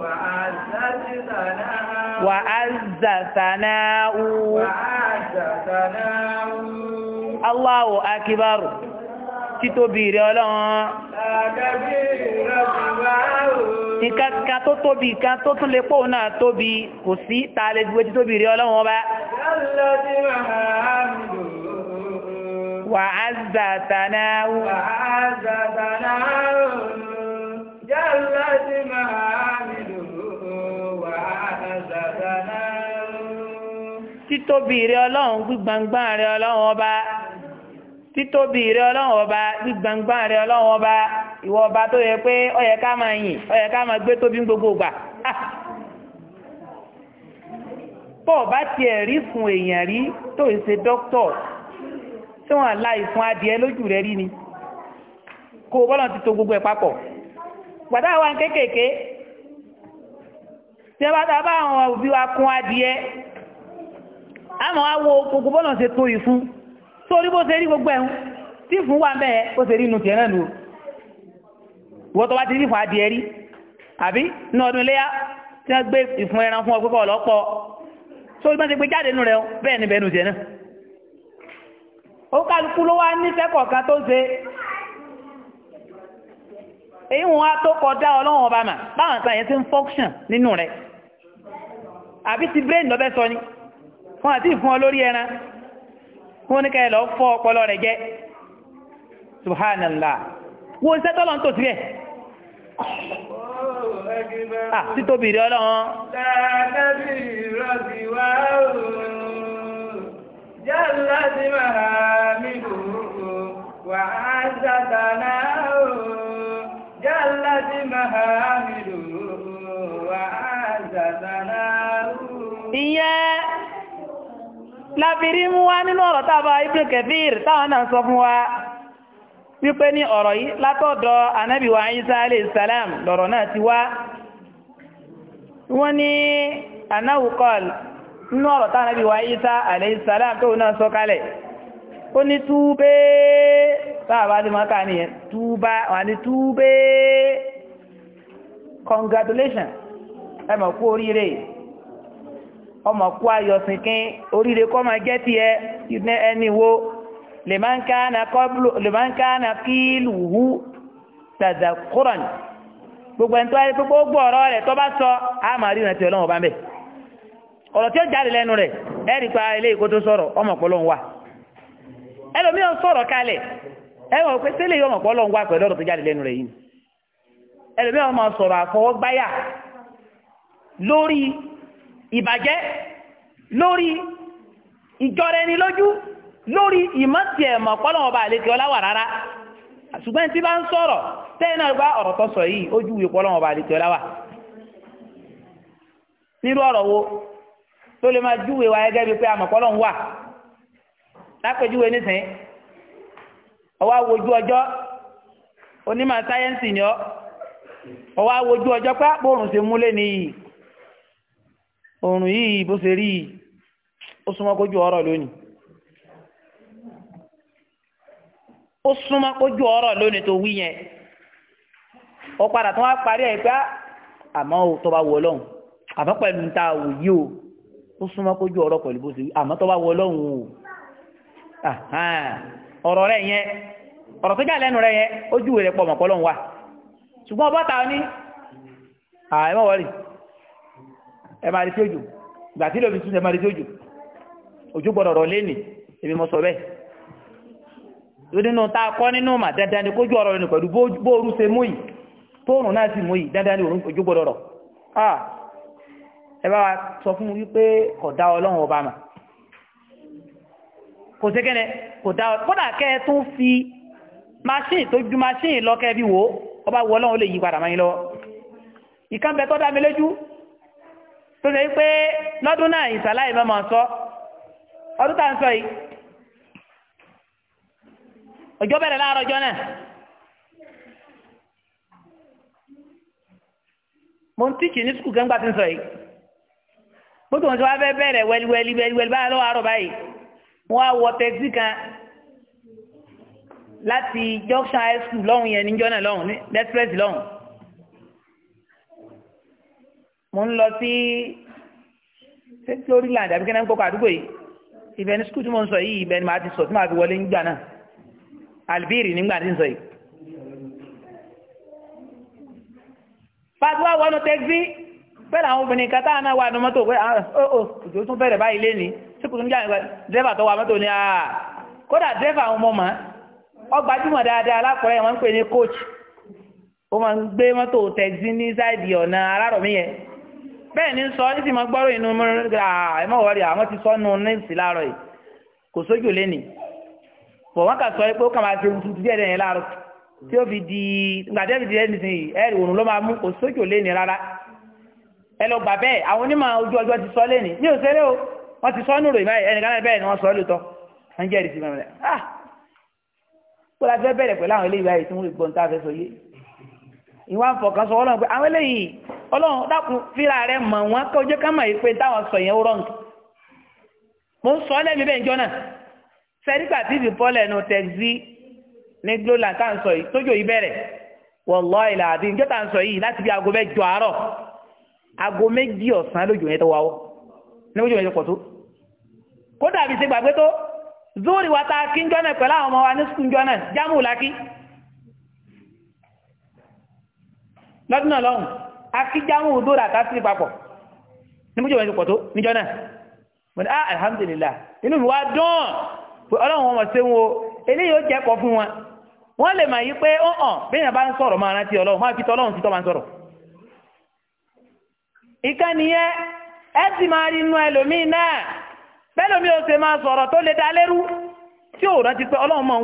وعز ثناه وعز ثناه وعز ثناه الله أكبر títóbi rẹ ọlọ́run. nǹkan kan tó tóbi kan tó tún lè pòun náà tóbi kò sí ta lè gbé títóbi rẹ ọlọ́run ọba. wà á zà tànà ó. wà á zà tànà rẹ ọlọ́run gbígbàngbà rẹ ọlọ́run ọba títóbi rẹ ọlọ́run ọba gbígbàngbà rẹ ọlọ́run ọba ìwọ ọba tó yẹ pé ó yẹ ká máa yìn ó yẹ ká máa gbé tóbi gbogbo gbà pọ̀ ah! bá tiẹ̀ rí fún èèyàn rí tó ń ṣe dókítọ̀ tí wọ́n láì fún adìẹ lójú rẹ̀ rí ni kò bọ́lọ̀ ti to gbogbo ẹ̀ papọ̀ pàdá wa kéékèèké tí wọ́n bá ta bá àwọn òbí wa kún adìẹ àmọ́ á gbogbo bọ́lọ̀ ṣe tó yìí fún sórí bó ṣe rí gbogbo ẹ̀hún tí fún wa bẹ́ẹ̀ ó ṣe rí inú tiẹ̀ náà nù wọ́n tó wá ti rí fún adìẹ rí àbí ní ọdún iléyà tí wọ́n gbé ìfún ẹran fún ọgbẹ́kọ̀ ọlọ́pọ̀ sórí bá ti gbé jáde nù rẹ̀ bẹ́ẹ̀ ni bẹ́ẹ̀ nù tiẹ̀ náà ó kálukú ló wá nífẹ̀ẹ́ kọ̀ọ̀kan tó ṣe èyí wọn á tó kọjá ọlọ́run ọba mà báwọn àtàyẹ ti ń function nínú rẹ̀ àbí ti brain lọ́bẹ̀ sọ ni wọn àti ìfún ọ lórí ẹran wọ́n ní kẹ́lẹ̀ lọ fọ́ ọpọlọ rẹ̀ jẹ́ subhanallah wo ń sẹ́tọ́ lọ ń tò sílẹ̀ à ah, títóbi rí ọlọ́run. tàbí ìrọ̀sì wá òun jálá sí màá mi kò kò wà á sàtàná òun. ìyẹn lábìrí mú wá nínú ọ̀rọ̀ tábà Ibn Kathir táwọn náà sọ fún wa wípé ní ọ̀rọ̀ yìí látọ̀dọ̀ Ànábì Isa alayhi salam lọ̀rọ̀ náà ti wá wọ́n ní anáwù nínú ọ̀rọ̀ táwọn Isa alayhi salam tó náà sọ kalẹ̀ ó ní túbẹ́ táàbá ti máa kà túbá wà ní túbẹ́ congratulations ẹ mọ̀ kú oríire ọmọ kú ayọ̀sìnkín oríire kọ́ máa jẹ́ tiẹ̀ ẹni wo lè máa ń kánà kílùú tàdàkúrọ̀n gbogbo ẹni tó ayé pípọ́ gbọ́ ọ̀rọ̀ rẹ̀ tó bá sọ á máa rí ìrántí ọlọ́run ọba ń bẹ̀ ọ̀rọ̀ tí ó jáde lẹ́nu rẹ̀ ẹ̀rí pa ilé ìkó tó sọ̀rọ̀ ọmọ ọ̀pọ̀lọ́run wà ẹlòmíràn sọ̀rọ̀ kalẹ̀ ẹ̀wọ̀n pé sílẹ̀ yọmọ ọ̀pọ̀lọ́run wà pẹ̀lú ọ̀rọ̀ tó jáde lẹ́nu rẹ̀ yìí ẹlòmíràn sọ̀rọ̀ àfọwọ́gbáyà lórí ìbàjẹ́ lórí ìjọra ẹni lójú lórí ìmọ̀tì ẹ̀mọ̀ pọ́lọ́wọ́ bá rárá ṣùgbọ́n tí bá ń sọ̀rọ̀ tẹ́ẹ̀nà gba ọ̀rọ̀ tó sọ yìí pọ́lọ́wọ́ bá wo tó lè máa júwe wa gẹ́gẹ́ bíi pé àmọ̀ pọ́lọ́wọ́ wà ọwọ́ ọjọ́ onímọ̀ sáyẹ́ǹsì ni ọ ọwọ́ ọjọ́ pé oòrùn yìí bó ṣe rí ó súnmọ́ kójú ọ̀rọ̀ lónìí ó súnmọ́ kójú ọ̀rọ̀ lónìí tó wí yẹn ó padà tó wá parí ẹ̀ pé ah, àmọ́ tó bá wọ ọlọ́run àmọ́ pẹ̀lú ta wò yí o ó súnmọ́ kójú ọ̀rọ̀ pẹ̀lú bó ṣe wí àmọ́ tó bá wọ ọlọ́run o ọ̀rọ̀ rẹ̀ yẹn ọ̀rọ̀ tó jà lẹ́nu rẹ̀ yẹn ó júwèé rẹ̀ pọ̀ mọ̀pọ̀ lọ́run wa ṣùgbọ́n bọ́ta ní àìmọ̀wọ́rì ẹ máa retí òjò ìgbà tí lómi tún ẹ máa retí òjò òjò gbọ́dọ̀ rọ̀ lẹ́nì èmi mo sọ bẹ́ẹ̀ nínú tá a kọ́ nínú mà dandan ni kójú ọ̀rọ̀ ni pẹ̀lú bóoru ṣe mú yìí tóòrùn náà sì mú yìí dandan ni òjò gbọ́dọ̀ rọ̀ ẹ bá wa sọ fún mi wípé kò dá ọlọ́run ọba mà kò sí kẹ́nẹ̀ kò dá ọ kódà kẹ́ ẹ tún fi machine tó ju machine lọ́kẹ́ bí wò ó ọba wọ ọlọ́run ó lè yí padà máa yín lọ́wọ́ ìkànnì bẹ tó dá mi lójú tó ṣe pé lọ́dún náà ìsàlàyé máa máa sọ ọdún tá à ń sọ yìí ọjọ́ bẹ̀rẹ̀ láàárọ̀ ọjọ́ náà mo ń tíìkì ní sukùl gẹ́ngbà tí ń sọ yìí bó tó ń sọ wá fẹ́ bẹ̀rẹ̀ wẹ́líwẹ́lí wẹ́líwẹ́lí báyìí lọ́wọ́ àárọ̀ báyìí wọ́n á wọ tẹ́sí kan láti junction high school lọ́hùn yẹn níjọ́ náà lọ́hùn ní express lọ́hùn. mo ń lọ sí Florida àbí kẹ́nà ń kókò àdúgbò yìí ibẹ̀ ní skul tí mo ń sọ yìí ni màá ti sọ tí màá fi wọlé nígbà náà albiri nígbà tí ń sọ yìí. pàtó tẹ́gbí pẹ̀lú àwọn obìnrin kan táwọn náà wà ní mọ́tò pé ó ah, oh, oh, òjò tún bẹ̀rẹ̀ báyìí ní sípò tún jáde dẹ́fà tó wà mọ́tò ní ah, ní coach ó mọ́tò tẹ́gbí ní sáìdì ọ̀nà bẹ́ẹ̀ ni sọ ní sì máa gbọ́rọ̀ inú mọ́rọ́ ẹ má wọrí àwọn ti sọ́nu nẹ́ẹ̀sì láàárọ̀ yìí kò sójú lẹ́nìí bọ̀ wọ́n kà sọ pé ó kà máa ṣe tuntun díẹ̀ lẹ́yìn láàárọ̀ tí ó fi di gbàdẹ́bì díẹ̀ nísìnyí ẹ̀rì òrùn ló máa mú kò sójú lẹ́nìí rárá ẹ lọ gbà bẹ́ẹ̀ àwọn onímọ̀ ojú ọjọ́ ti sọ lẹ́nìí ní òṣèré o wọ́n ti sọ nùrò ìmáyì ẹnìkan náà ni wọ́n sọ lóòótọ́ wọ́n ah kó la fẹ́ bẹ̀rẹ̀ pẹ̀lú àwọn eléyìí báyìí tí wọ́n lè gbọ́n tá a fẹ́ ọlọ́run dákun fíra rẹ mọ̀ wọ́n kó jẹ́ ká mọ̀ ìpé táwọn sọ yẹn rọ̀ nǹkan mo ń sọ lẹ́mi bẹ́ẹ̀ jọ náà tí ìdí bọ́ọ̀lù ẹnu tẹ̀sí ní glola tá à ń sọ yìí tójó yìí bẹ̀rẹ̀ wọ̀lọ́ ìlà àbí njọ́ tá à ń sọ yìí láti bí aago mẹ́jọ àárọ̀ aago méjì ọ̀sán lójú yẹn tó wáwọ́ ní ojú yẹn tó pọ̀ tó kódà bí ṣe gbàgbé tó zóòrì wa ta kí pẹ̀lú àwọn ọmọ wa ní jámù lọ́dún náà lọ́hùn akíjáwọn òdòrò àtàtì papọ̀ ní mú jẹ́ wọn ti pọ̀ tó níjọ́ náà mo ní ah, alhamdulillah inú mi wá dán ọlọ́run wọn sí wọn eléyìí ó jẹ́ kọ́ fún wọn wọ́n lè mà yí pé ó hàn bá ń sọ̀rọ̀ máa rántí ọlọ́run máa fi tọ́lọ́run sí máa ń sọ̀rọ̀ ẹ máa rí inú ẹlòmíì náà ṣe máa sọ̀rọ̀ tó lè dá lérú tí rántí pé ọlọ́run máa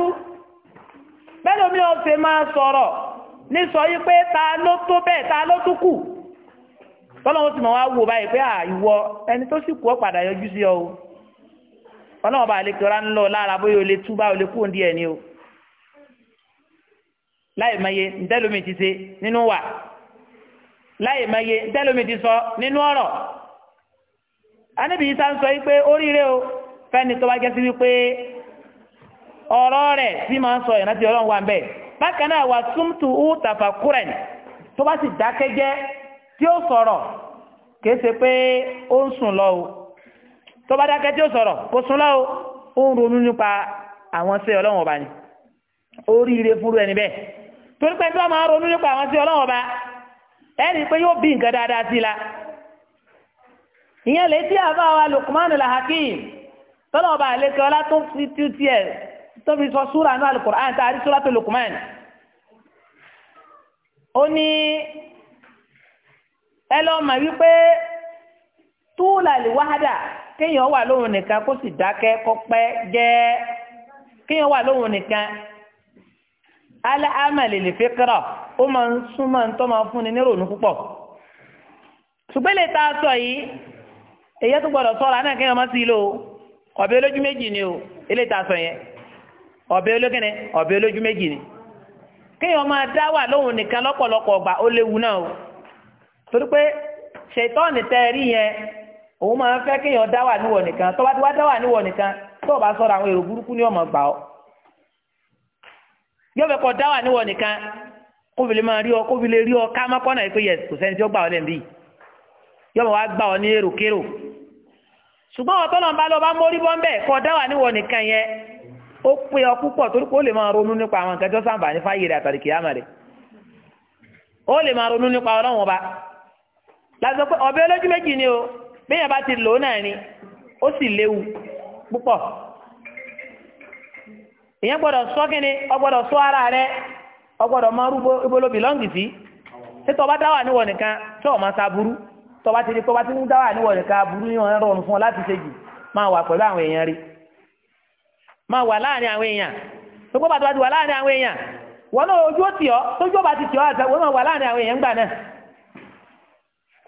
ń bẹ́ẹ̀ mi ò ṣe máa sọ̀rọ̀ ní sọ pé ta ló tó bẹ́ẹ̀ ta ló tó kù tọ́lọ́wọ́n wá wo báyìí pé àìwọ ẹni tó sì kú ọ padà yọjú o bá lè kíra ńlọ lára bóyá o lè o lè o láì ntẹ́lómi ti nínú wà láì sọ nínú ọ̀rọ̀ anábìyí sá ń sọ yí pé o fẹ́ni tó bá jẹ́ ọ̀rọ̀ rẹ̀ sí máa ń sọ ìrántí ọlọ́run wa ń bẹ̀ bákan náà wà súnmùtù ú tàfàkúrẹ̀ tó bá sì dákẹ́ jẹ́ tí ó sọ̀rọ̀ kìí ṣe pé ó ń sùn lọ o tó bá dákẹ́ tí ó sọ̀rọ̀ kò sùn lọ o ó ń ronú nípa àwọn sí ọlọ́run ọba ni oríire fúru ẹni bẹ́ẹ̀ torí pé tí wọ́n máa ń la ìyẹn lè tí tó tó fi sọ súrà náà a rí súrà tó Luqman ó ní ẹ wípé túùlà lè wáhádà kéèyàn wà lóhun nìkan kó sì dákẹ́ kó pẹ́ jẹ́ kéèyàn wà lóhun nìkan alẹ́ amẹ́lì lè fi kírọ̀ ó máa ń súnmọ́ púpọ̀ sọ yìí èyí tó gbọ́dọ̀ lò ọ̀bẹ lójú méjì o eléyìí sọ yẹn ọ̀bẹ̀ olókìnrin ọ̀bẹ ni kéèyàn máa dá wà lóhùn nìkan lọ́pọ̀lọpọ̀ ọgbà ó léwu náà o torí pé ṣètọ́ọ̀nì tẹ yẹn òun máa ń wà níwọ̀ nìkan tó bá ti wà níwọ̀ nìkan tó o bá sọ̀rọ̀ àwọn èrò burúkú ni ọmọ gbà ọ́ yóò fẹ́ kọ́ dá wà níwọ̀ nìkan kó máa ọ ọ ká má pé yẹ kò sẹ́ni ọ ó pé ọ púpọ̀ torí pé ó lè máa ronú nípa àwọn nǹkan tó sàǹfààní fáyé rẹ̀ àtàrí kìámà ó lè máa ronú nípa ọlọ́run ọba láti pé olójú méjì ni o bẹ́ẹ̀ bá ti lò ó náà ni ó sì léwu púpọ̀ ìyẹn gbọ́dọ̀ sọ ọ gbọ́dọ̀ sọ ara rẹ ọ gbọ́dọ̀ máa rúbọ ibolobi lọ́ǹgì sí ṣé tọba dáwà níwọ nìkan tí ọ̀ máa sa burú tọba ti di tọba ti ń dáwà níwọ nìkan burú ní ọ̀rọ̀ fún ọ láti ma wà láàrin àwọn èèyàn tó gbọ́ bàtà bá ti wà láàrin àwọn èèyàn wọn náà ojú ó tì ọ́ tójú ọba ti tì ọ́ àti wọn náà wà láàrin àwọn èèyàn gbà náà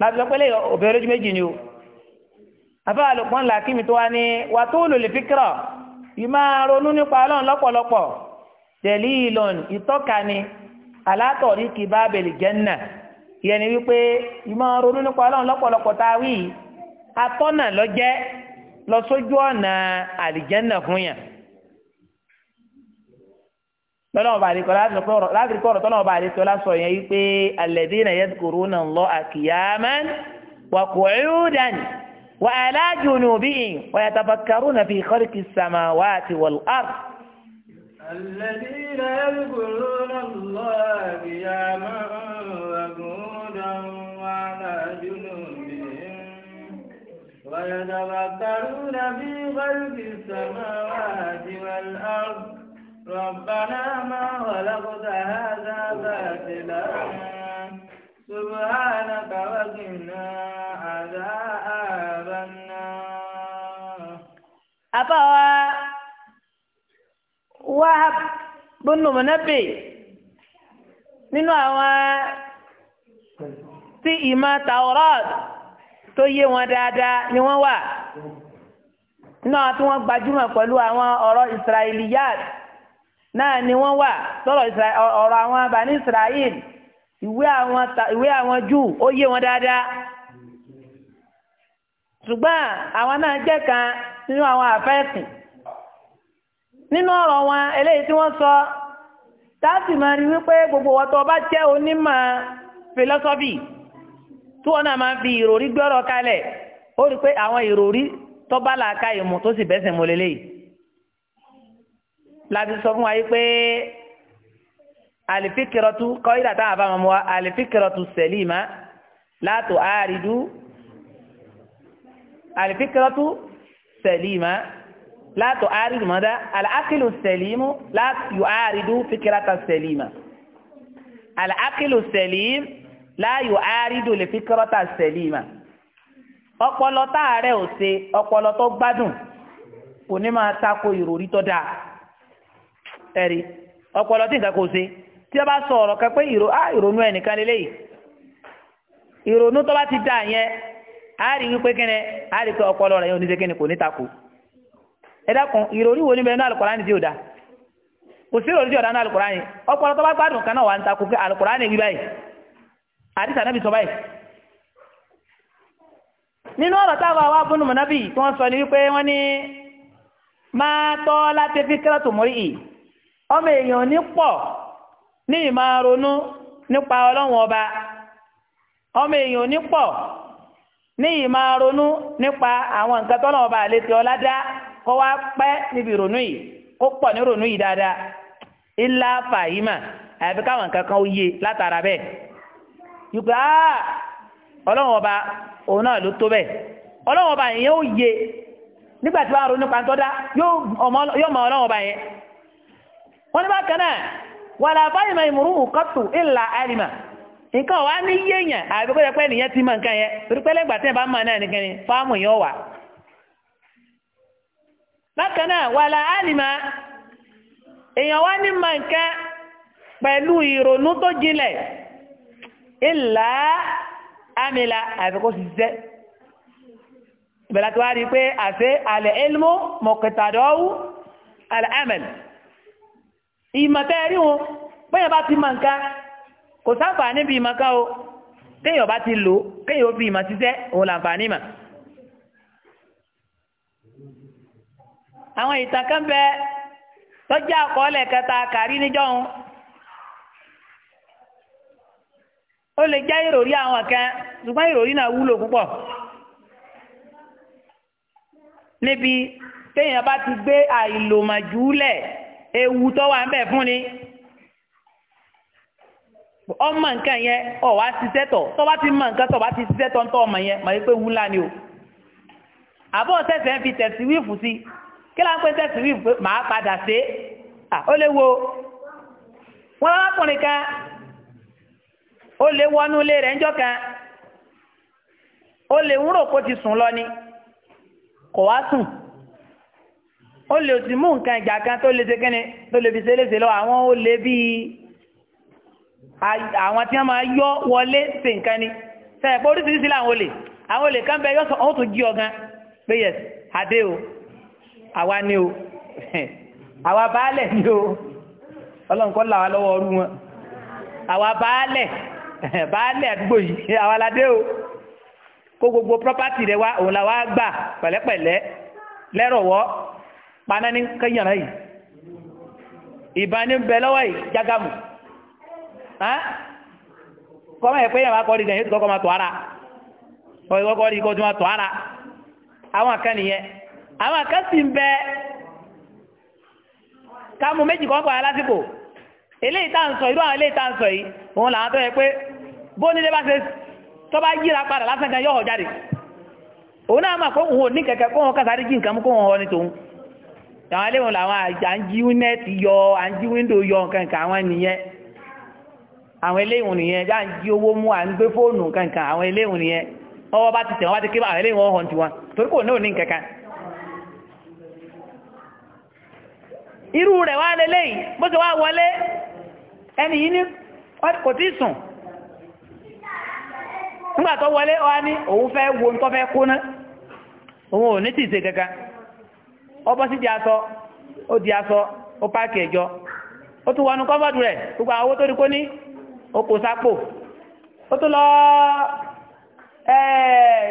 láti lọ́pẹ́ lè òbẹ̀rẹ̀ méjì ni o afẹ́ àlùkùn làkìmí tó wá ní wà tó lò lè yìí máa ronú nípa ọlọ́run lọ́pọ̀lọpọ̀ tẹ̀lé ìlọ̀n ìtọ́ka ni alátọ̀rí kì bá bẹ̀lì jẹ́nà ìyẹn ni wípé yìí máa ronú nípa ọlọ́run lọ́pọ̀lọpọ̀ tá a wí atọ́nà lọ́jẹ́ lọ sójú ọ̀nà àlìjẹ́nà fún yàn. lọ́nà ọba àdìkọ́ láti kọ́ ọ̀rọ̀ tọ́nà ọba àdìkọ́ lásọ yẹn yí pé alladhina yadhkuruna Allaha qiyaman wa qu'udan wa ala junubihim wa yẹn yatafakkaruna fi khalqis samawati wal ard. الذين يذكرون الله قياما وقعودا وعلى جنوبهم ويتفكرون في خلق السماوات والأرض ربنا ما خلقت هذا باطلا سبحانك وقنا عذاب النار أبوا وهب بن منبي nínú àwọn taurat tó yé wọn dáadáa ni wọ́n wà náà tí wọ́n gbajúmọ̀ pẹ̀lú àwọn ọ̀rọ̀ israeliyat náà ni wọ́n wà lọ́rọ̀ ọ̀rọ̀ àwọn abàní Israel ìwé àwọn ìwé ó yé wọn dáadáa ṣùgbọ́n àwọn náà jẹ́ kan nínú àwọn àfẹ́sìn nínú ọ̀rọ̀ wọn eléyìí tí wọ́n sọ táàsì máa rí wípé gbogbo ọ̀tọ̀ bá jẹ́ onímọ̀ philosophy tí wọ́n náà máa fi ìròrí gbọ́rọ̀ kalẹ̀ ó rí pé àwọn ìròrí bá tó láti sọ fún wa yìí pé àlìfíkìrọ̀tù kọ́ídà táwọn àbámọ́ wa àlìfíkìrọ̀tù sẹ̀líìmá látò àárídú àlìfíkìrọ̀tù sẹ̀líìmá látò àárídú mọ́dá àlàákìlù sẹ̀líìmù látò àárídú fíkìrọ̀tà sẹ̀líìmá àlàákìlù sẹ̀líìm láyò àárídú lè fíkìrọ̀tà sẹ̀líìmá ọpọlọ táàrẹ ò ṣe ọpọlọ tó gbádùn kò ní máa tako ìròrí tó dáa. ẹ̀rí ọpọlọ tí nǹkan kò tí wọ́n bá sọ ọ̀rọ̀ kan pé ìrònú ẹnìkan lélẹ́yìí ìrònú tó bá ti dà yẹn á rí wípé kíni á rí pé ọpọlọ rẹ̀ yóò ní ṣe kò ní takò ẹ dákun ìrònú wo ni tí kò sí tí ọpọlọ tó bá gbádùn wà pé wí báyìí àdìsá náà bí sọ báyìí. nínú ọ̀rọ̀ táwọn ọmọ èèyàn ní pọ̀ ní ìmáa ronú nípa ọlọ́run ọba ọmọ èèyàn ní pọ̀ ní ìmáa ronú nípa àwọn nǹkan tọ́lọ́run ọba àlejò ọládá kó wá pẹ́ níbi ìrònú yìí kó pọ̀ ní ìrònú yìí dáadáa fàyímà àyàfi káwọn nǹkan kan ó yé látara bẹ́ẹ̀ yùgbà ọlọ́run ọba òun náà ló wọ́n ní bákan náà wà láàbáyé máa ìmúrú kọ́tù ìlà àrìmà nǹkan wà ní yéèyàn àbí kó yẹ pé nìyẹn ti mọ nǹkan yẹn torí pé lẹ́gbàá tí ẹ bá mọ náà nìkan ni fáàmù yẹn wà. bákan wà láà àrìmà èèyàn wá ní mọ nǹkan pẹ̀lú ìrònú tó jinlẹ̀ ìlà àmìlà àbí kó ṣiṣẹ́ tó wá rí i pé àṣẹ àlẹ́ ilmu mọ̀kẹ́tàdọ́wù àlẹ́ àmẹ́lì ìmọ̀tẹ́ rí wọn bẹ́yàn bá ti mọ̀ nǹkan kò sáfà níbi ìmọ̀ká o téèyàn bá ti lò kéèyàn ó fi ìmọ̀ ṣiṣẹ́ òun làǹfààní mà. àwọn ìtàn kan bẹ lọ́jọ́ àkọọ́lẹ̀ kẹta kàrí níjọ́hun ó lè jẹ́ ìròrí àwọn kan ṣùgbọ́n ìròrí náà wúlò púpọ̀ níbi téèyàn bá ti gbé àìlòmọ̀jú lẹ̀ ewu tó wà ń bẹ̀ fún ni ọmọ nǹkan yẹn ọ̀wá ṣiṣẹ́ tọ̀ tọ́ba ti mọ nǹkan tọ́ba ti ṣiṣẹ́ tọ́ ń tọ́ ọmọ yẹn mọ̀ pé wúlá ni o àbọ̀ sẹ́sẹ̀ ń fi tẹ̀sí wíìfù sí kí ló ń pè tẹ̀sí wíìfù pé màá padà sí ó léwu wọn lọ́kùnrin kan ó lè wọnú ilé rẹ̀ ńjọ́ kan ó lè ń rò kó ti sùn lọ ni kò wá sùn ó lè sì mú nǹkan ìjà kan tó lè ṣe kíni tó lè fi ṣe léṣe lọ àwọn ó lè bí àwọn tí wọ́n máa yọ wọlé ṣe nǹkan ni sẹ́yìn pé oríṣiríṣi làwọn olè àwọn olè kan bẹ yọ sọ ọ́n tún jí ọ̀gan pé yẹs adé o àwa ni o àwa baálẹ̀ ni o ọlọ́run kọ́ là lọ́wọ́ ọrú wọn àwa baálẹ̀ baálẹ̀ àdúgbò yìí àwa ládé o kó gbogbo property rẹ wá òun làwa gbà pẹ̀lẹ́pẹ̀lẹ́ lẹ́rọ̀wọ́ pananin kayyana yi ìbánin bẹ̀lọ́wọ́ yìí jágàmù kọ́mọ̀ ẹ̀pẹ́ yẹn kọ́ rí yóò kọ́kọ́ ma tọ́ ara ọ̀yọ́ tó tọ́ ara àwọn kan àwọn kan ń bẹ kámú méjì kọ́kọ́ ara eléyìí tá à ń sọ irú àwọn eléyìí tá à ń sọ yìí òun làwọn tó yẹ pé bó nílé bá ṣe tó yíra padà lásán kan yóò hàn jáde òun náà máa kó òun ò ní kẹ̀kẹ́ kó kásáré àwọn ilé wọn làwọn yọ àjí wíńdò yọ nkankan àwọn nìyẹn àwọn ilé ìwọ̀n nìyẹn já ń jí owó mú à ń gbé fóònù nǹkankan àwọn ilé ìwọ̀n nìyẹn ọwọ́ bá ti tẹ̀ wọ́n bá ti àwọn ilé ìwọ̀n tiwọn torí kò náà ní nǹkankan irú rẹ̀ wá lélẹ̀ yìí bó wá wọlé ẹni yìí ní kò tí sùn nígbà tó wọlé ọ ní òun fẹ́ wo ń ọbọ̀ sí di aṣọ ó di aṣọ ó páàkì ẹ̀jọ́ ó tún wọnú kọ́fọ́dù rẹ̀ gbogbo àwọn owó tó rí kó ní ó kó sápò ó tún lọ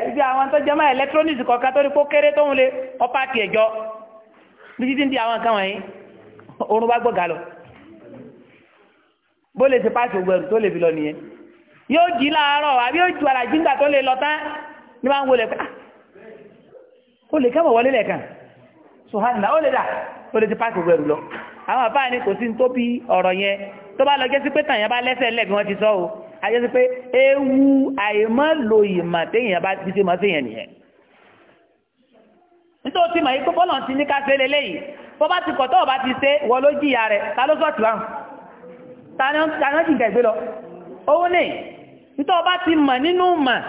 ibi àwọn tó jẹmọ́ electronics kọ̀ọ̀kan tó rí kó kéré tó ń le ó páàkì ẹ̀jọ́ bí títí ń di àwọn nǹkan wọ̀nyí oorun bá gbọ́gà lọ bó lè ṣe páàkì ògbẹ̀rù tó lè fi lọ nìyẹn yóò jí láàárọ̀ àbí yóò ju àràjíngbà tó lè lọ tán ní máa ń wọlé pé ah, ó lè kẹ́wọ̀ wọlé lẹ́ẹ̀kan sùhánìlá ó lè dà ó lè ti páàkì gbẹ̀rù lọ àwọn àbáyé ni kò sí tó bí ọ̀rọ̀ yẹn tó bá lọ jẹ́ sí pé tàyàn bá lẹ́sẹ̀ lẹ̀ wọ́n ti sọ o ajẹ́ sí pé ewu àìmọ́ lo ìmọ̀ téèyàn bá ti ṣe mọ́ séèyàn nìyẹn nítorí tí màá yí pé bọ́lọ̀ ti ní ká ṣe leléyìí bó bá ti kọ̀ tó bá ti ṣe wọ́n ló jìyà rẹ̀ ta ló sọ̀tù àwọn tàná jìgà ìgbé lọ òun ní nítorí bá ti mọ̀ nínú mọ̀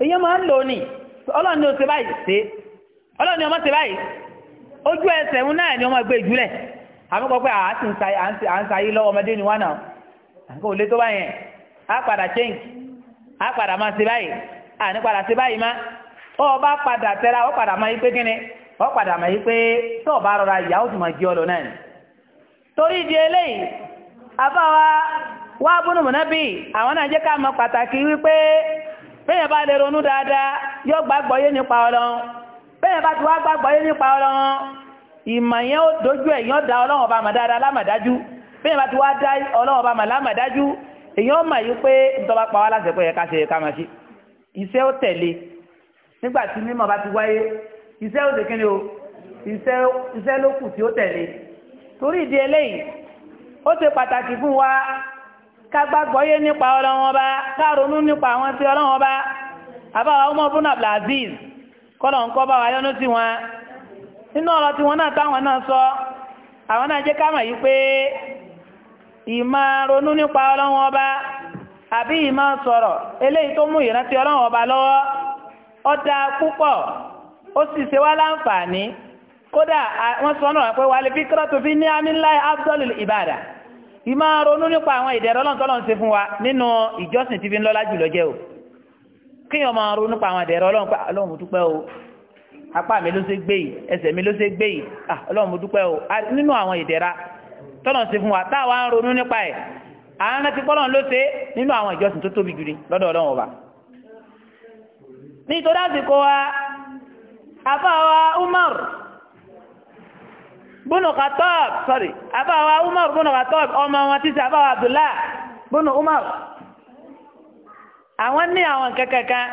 èèyàn máa ń lò ni ó ṣe báyìí ṣe ọlọ́run ni ọmọ ṣe báyìí ojú ẹsẹ̀ ń náà ni ọmọ ẹgbẹ́ ìjúlẹ̀ àmọ́kọ́ pé à ń sayé lọ́wọ́ ọmọdé ni wá náà àǹkó lé tó bá yẹn á padà change á padà máa ṣe báyìí àní padà ṣe báyìí má ọ bá padà tẹ́ra ọ padà máa yí pé ọ padà máa yí pé tó o bá rọra ó máa jí ọ lọ náà ni. torí eléyìí wá àwọn náà jẹ́ ká pàtàkì wípé bẹ́ẹ̀ bá lè ronú dáadáa yóò gbàgbọ́ yé nípa bẹ́ẹ̀ bá ti wá gbàgbọ́ yé nípa ọlọ́run ìmọ̀ yẹn ó dojú ẹ̀yàn da ọlọ́run ọba mà dáadáa lámàdájú bẹ́ẹ̀ bá ti wá dá ọlọ́run ọba mà lámàdájú èyàn mọ̀ yí pé ntọ́ba pa wá láṣẹ pé ẹ̀ka ṣe ẹ̀ka máa iṣẹ́ ó tẹ̀lé nígbà tí mímọ̀ bá ti wáyé iṣẹ́ ó tẹ̀kẹ́ni o iṣẹ́ ló kù tí ó tẹ̀lé torí ìdí eléyìí ó ṣe pàtàkì fún wa ká gbàgbọ́ yé nípa ọlọ́run ọba ká ronú nípa àwọn tí ọlọ́run ọba àbáwá ọmọ bùnà blaziz kọ́lọ̀ ń kọ́ bá wa yọ́nú sí wọn nínú ọ̀rọ̀ tí wọ́n náà táwọn náà sọ àwọn náà jẹ́ kámọ̀ yìí pé ìmọ̀ ronú nípa ọlọ́run ọba àbí ìmọ̀ sọ̀rọ̀ eléyìí tó mú ìrántí ọlọ́run ọba lọ́wọ́ ó dáa púpọ̀ ó sì ṣe wá láǹfààní kódà wọ́n sọ náà pé wàlẹ̀ fi kírọ́tù fi ní amíláì abdul ibada ìmọ̀ ronú nípa àwọn ìdẹ̀rọ̀ ọlọ́run kíyàn máa ronú pa àwọn àdẹ̀rẹ̀ ọlọ́run pa ah, ọlọ́run mo dúpẹ́ o apá mi ló ṣe gbé yìí ẹsẹ̀ mi ló ṣe gbé yìí ah ọlọ́run mo dúpẹ́ o nínú àwọn ìdẹ̀ra tọ́nà ṣe fún wa táwa ń ronú nípa ẹ̀ àwọn ẹni tí pọ́lọ́n ló ṣe nínú àwọn ìjọsìn tó tóbi gidi lọ́dọ̀ ọlọ́run ọba. nítorí àsìkò wa àfàwà Umar bùnú Khattab sorry àfàwà Umar bùnú Khattab ọmọ wọn ti sẹ àfàwà Abdullah bùnú Umar àwọn ní àwọn kankankan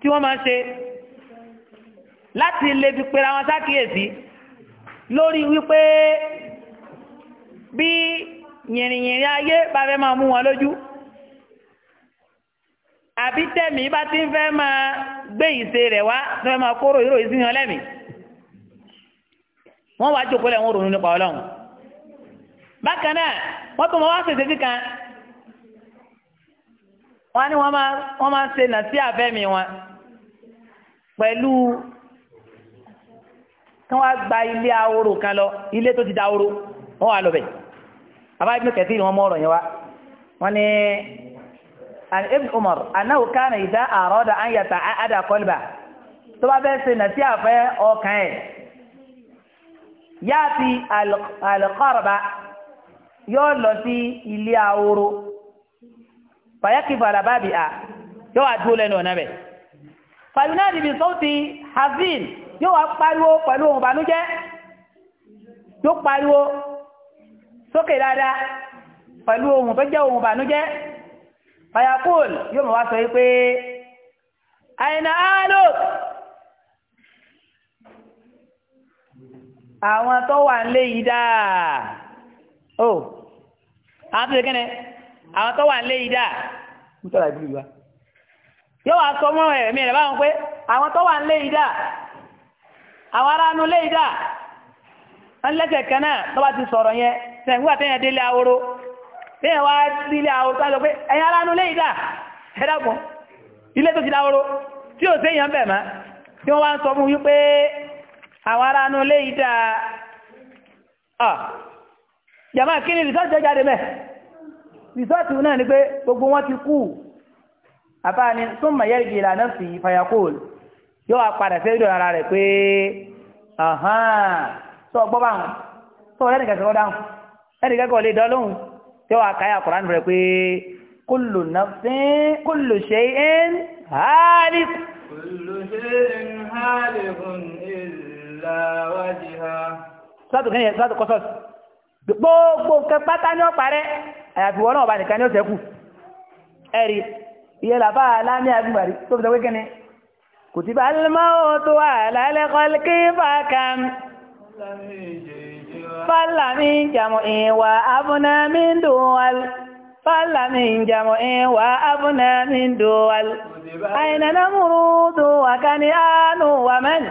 tí wọ́n máa ń ṣe láti lè fi pera wọn sákìyèsí lórí wípé bí yìnrìnyìnrìn ayé bá fẹ́ máa mú wọn lójú àbí tẹ̀mí bá ti fẹ́ máa gbé ìṣe rẹ̀ wá tó fẹ́ máa kóró ìròyìn sí wọn lẹ́mìí wọ́n wá jókòó lẹ̀ wọ́n nípa ọlọ́run bákan náà wọ́n tó mọ wá ṣèṣe sí wọ́n ní wọ́n máa wọ́n máa ń ṣe nà sí àfẹ́mi wọn pẹ̀lú kí wọ́n gba ilé ahoro kan lọ ilé tó ti da ahoro wọ́n wà lọ́bẹ̀ àbá ibùdó kẹsì ni wọ́n mọ ọ̀rọ̀ yẹn wá wọ́n ní ibn umar anáwó kánà ìdá àrọ́dà àyàtà àdà kọlbà tó bá bẹ́ẹ̀ ṣe nà àfẹ́ ọkàn ẹ̀ yáàfi alqarba yóò lọ sí ilé ahoro fàyàkì fàlàbà bì à yóò wá dúró lẹ́nu ọ̀nà bẹ̀. fàyúnáàdì bí sọ́ọ̀tì hazin yóò wá pariwo pẹ̀lú ohun ìbànújẹ́ yóò pariwo sókè dáadáa pẹ̀lú ohun tó jẹ́ ohun ìbànújẹ́ fàyàkùl yóò mọ̀ wá sọ pé àyìnà áálò àwọn tó wà ń lé yìí dáa ó àwọn tó ṣe kí àwọn tó wà nílé ìdá dà mú wa yóò wá sọ mọ́ ẹ̀mí rẹ̀ báwọn pé àwọn tó wà nílé ìdá àwọn ará nu lé ìdá wọ́n lẹ́sẹ̀ kan náà tó bá ti sọ̀rọ̀ yẹn délé ahoro wá ahoro sọ pé ẹ̀yin ará nu lé ilé tó rìsọ́ọ̀tì náà ni pé gbogbo wọn ti kú àbáni súnmọ̀ yẹ́rìgì ìlànà sí fayakol yóò wá padà sí ìdọ̀ ara rẹ̀ pé sọ gbọ́ bá wọn sọ ẹnìkan sọ dáhùn ẹnìkan kò lè dán lóhùn yóò wá káyà Kùránì rẹ̀ pé kullu nafsin kullu shay'in halik. kullu shay'in halikun illa wajha. sọ́ọ̀tù kí ni sọ́ọ̀tù kọ́sọ́ọ̀tù gbogbo nǹkan ni ó parẹ́ àyàfi wọn náà bá nìkan ní ó sẹ́kù ẹ̀rí ìyẹn làbá aláàmì àbíbàrí tó fi sọ pé kíni kò tí bá lọ́wọ́ tó wà lálẹ́kọ́ kí fàákà fàlàmì ìjàmọ̀ ìwà abúnámi dùnwàl fàlàmì ìjàmọ̀ ìwà abúnámi dùnwàl àìnànà múrùdù wà ká ní wà mẹ́rin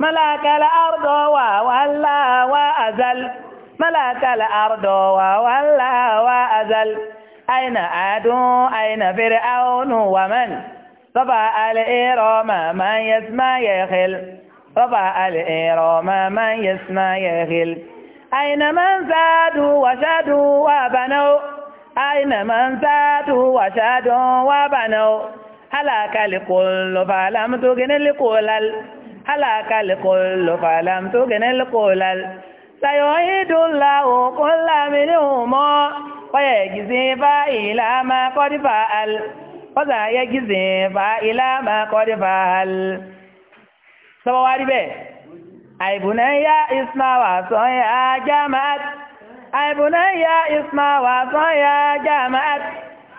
mọ́lákàlá àrùdọ̀ wà wà láwà àzàlì ملاك الأرض وولى وأزل أين عاد أين فرعون ومن رفع الإرام من يسمى يخل رفع الإرام من يسمى يخل أين من زادوا وشادوا وبنوا أين من زادوا وشادوا وبنوا هلاك لكل فلم تغن القلل هلاك لكل فلم تغن القلل sàyọ̀ ìdúnlá òkú ńlá mi ní òmọ́ kọ́yà ẹ̀gìzì bá ìlà máa kọ́dífà al kọ́sà ẹ̀gìzì bá ìlà máa kọ́dífà al sọ́wọ́ wá rí bẹ́ẹ̀ àìbùnáyà ìsmáwà sọ́yà jámàt àìbùnáyà ìsmáwà sọ́yà jámàt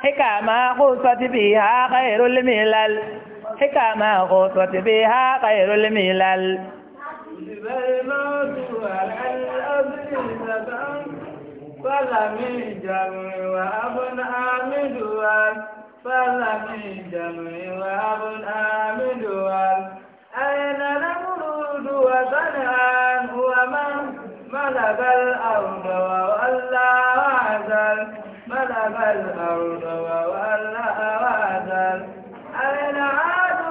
hikama kó sọ́tí bí i ha kàìrò límìlal hikama kó sọ́tí bí ha kàìrò límìlal. Ìbẹ̀rẹ̀ lọ́dún àrẹ فلمي جمع وأب آمد وال فلمي جمع وأب أين نمرود وزنان ومن ملك الأرض وولى وعزل ملك الأرض وولى وعزل أين عاد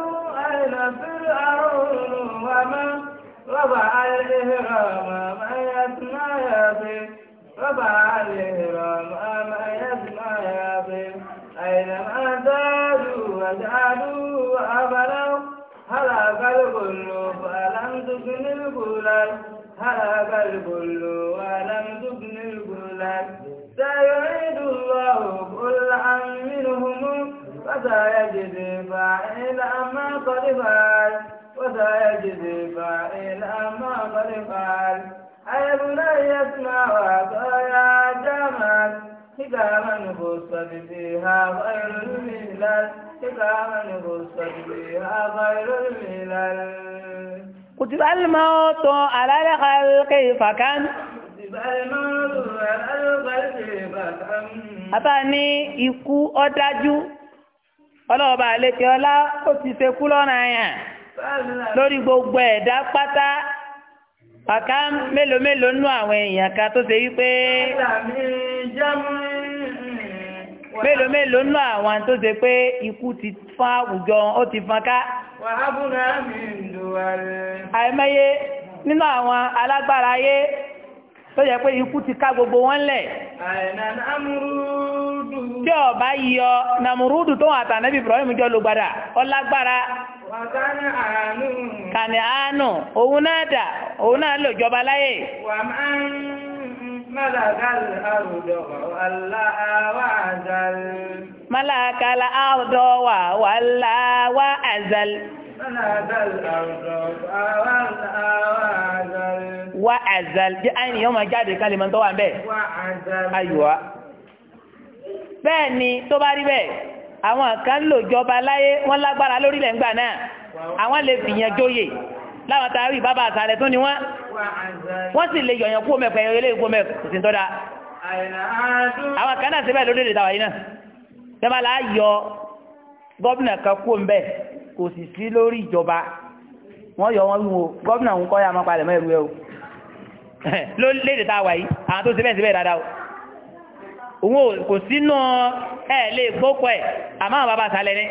أين فرعون ومن رفع الإهرام من وفعلهم ما يسمع به أينما زادوا وزادوا وأبلوا هلاك الكل فلم تكن الكلل هلاك الكل ولم تكن الكلل سيعيد الله كل عام منهم وسيجزي فاعل ما قد فعل وسيجزي فاعل ما قد فعل أيبنا يسمع وعطايا جمعت حكاما غصت فيها غير الملل حكاما غصت فيها غير الملل كتب الموت على الخلق فكان Àbá ní ikú ọdájú, ọlọ́ọ̀bà àlékẹ́ ọlá ó ti ṣe kú lọ́nà àyàn lórí gbogbo ẹ̀dá pátá ọ̀ká mélòó mélòó nú àwọn èèyàn ká tó ṣe wípé mélòó mélòó nú àwọn tó ṣe pé ikú ti fá àwùjọ ó ti fọn ká àìmọye nínú àwọn alágbára ayé tó yẹ pé ikú ti ká gbogbo wọn lẹ̀ tí ọba yíyọ nàmúrúdù tó wà tànẹ́bì kàní àánú òun náà dà òun náà lò jọba láyé. wà á málàkàlà àrùdọ̀ wà àzàl. málàkàlà àrùdọ̀ wà wà àzàl. Wa azal jẹ́ ayin yọ́ máa jáde kalẹ̀ máa tọ́wà bẹ́ẹ̀. Wa azal. Ayùwa. Bẹ́ẹ̀ ni tó bá rí bẹ́ẹ̀ àwọn kan lò jọba láyé wọ́n lágbára lórílẹ̀ ńgbà náà àwọn lè fìyàn jóyè láwọn tàbí bàbá àsàlẹ̀ tó ni wọ́n wọ́n sì lè yọ̀yàn kó mẹ́fẹ́ yọ̀yàn eléyìí kó mẹ́fẹ́ kò sí tọ́da àwọn kan náà síbẹ̀ lórílẹ̀ ìdáwà yìí náà tẹ́bà láà yọ gómìnà kan kó ń bẹ̀ kò sì sí lórí ìjọba wọ́n yọ wọn wíwo gómìnà ń kọ́ ya máa palẹ̀ mọ́ ìrú lórílẹ̀ ìdáwà yìí àwọn òun kò sínú ẹ̀ lè gbókò ẹ̀ àmọ́ bàbá sálẹ̀ ni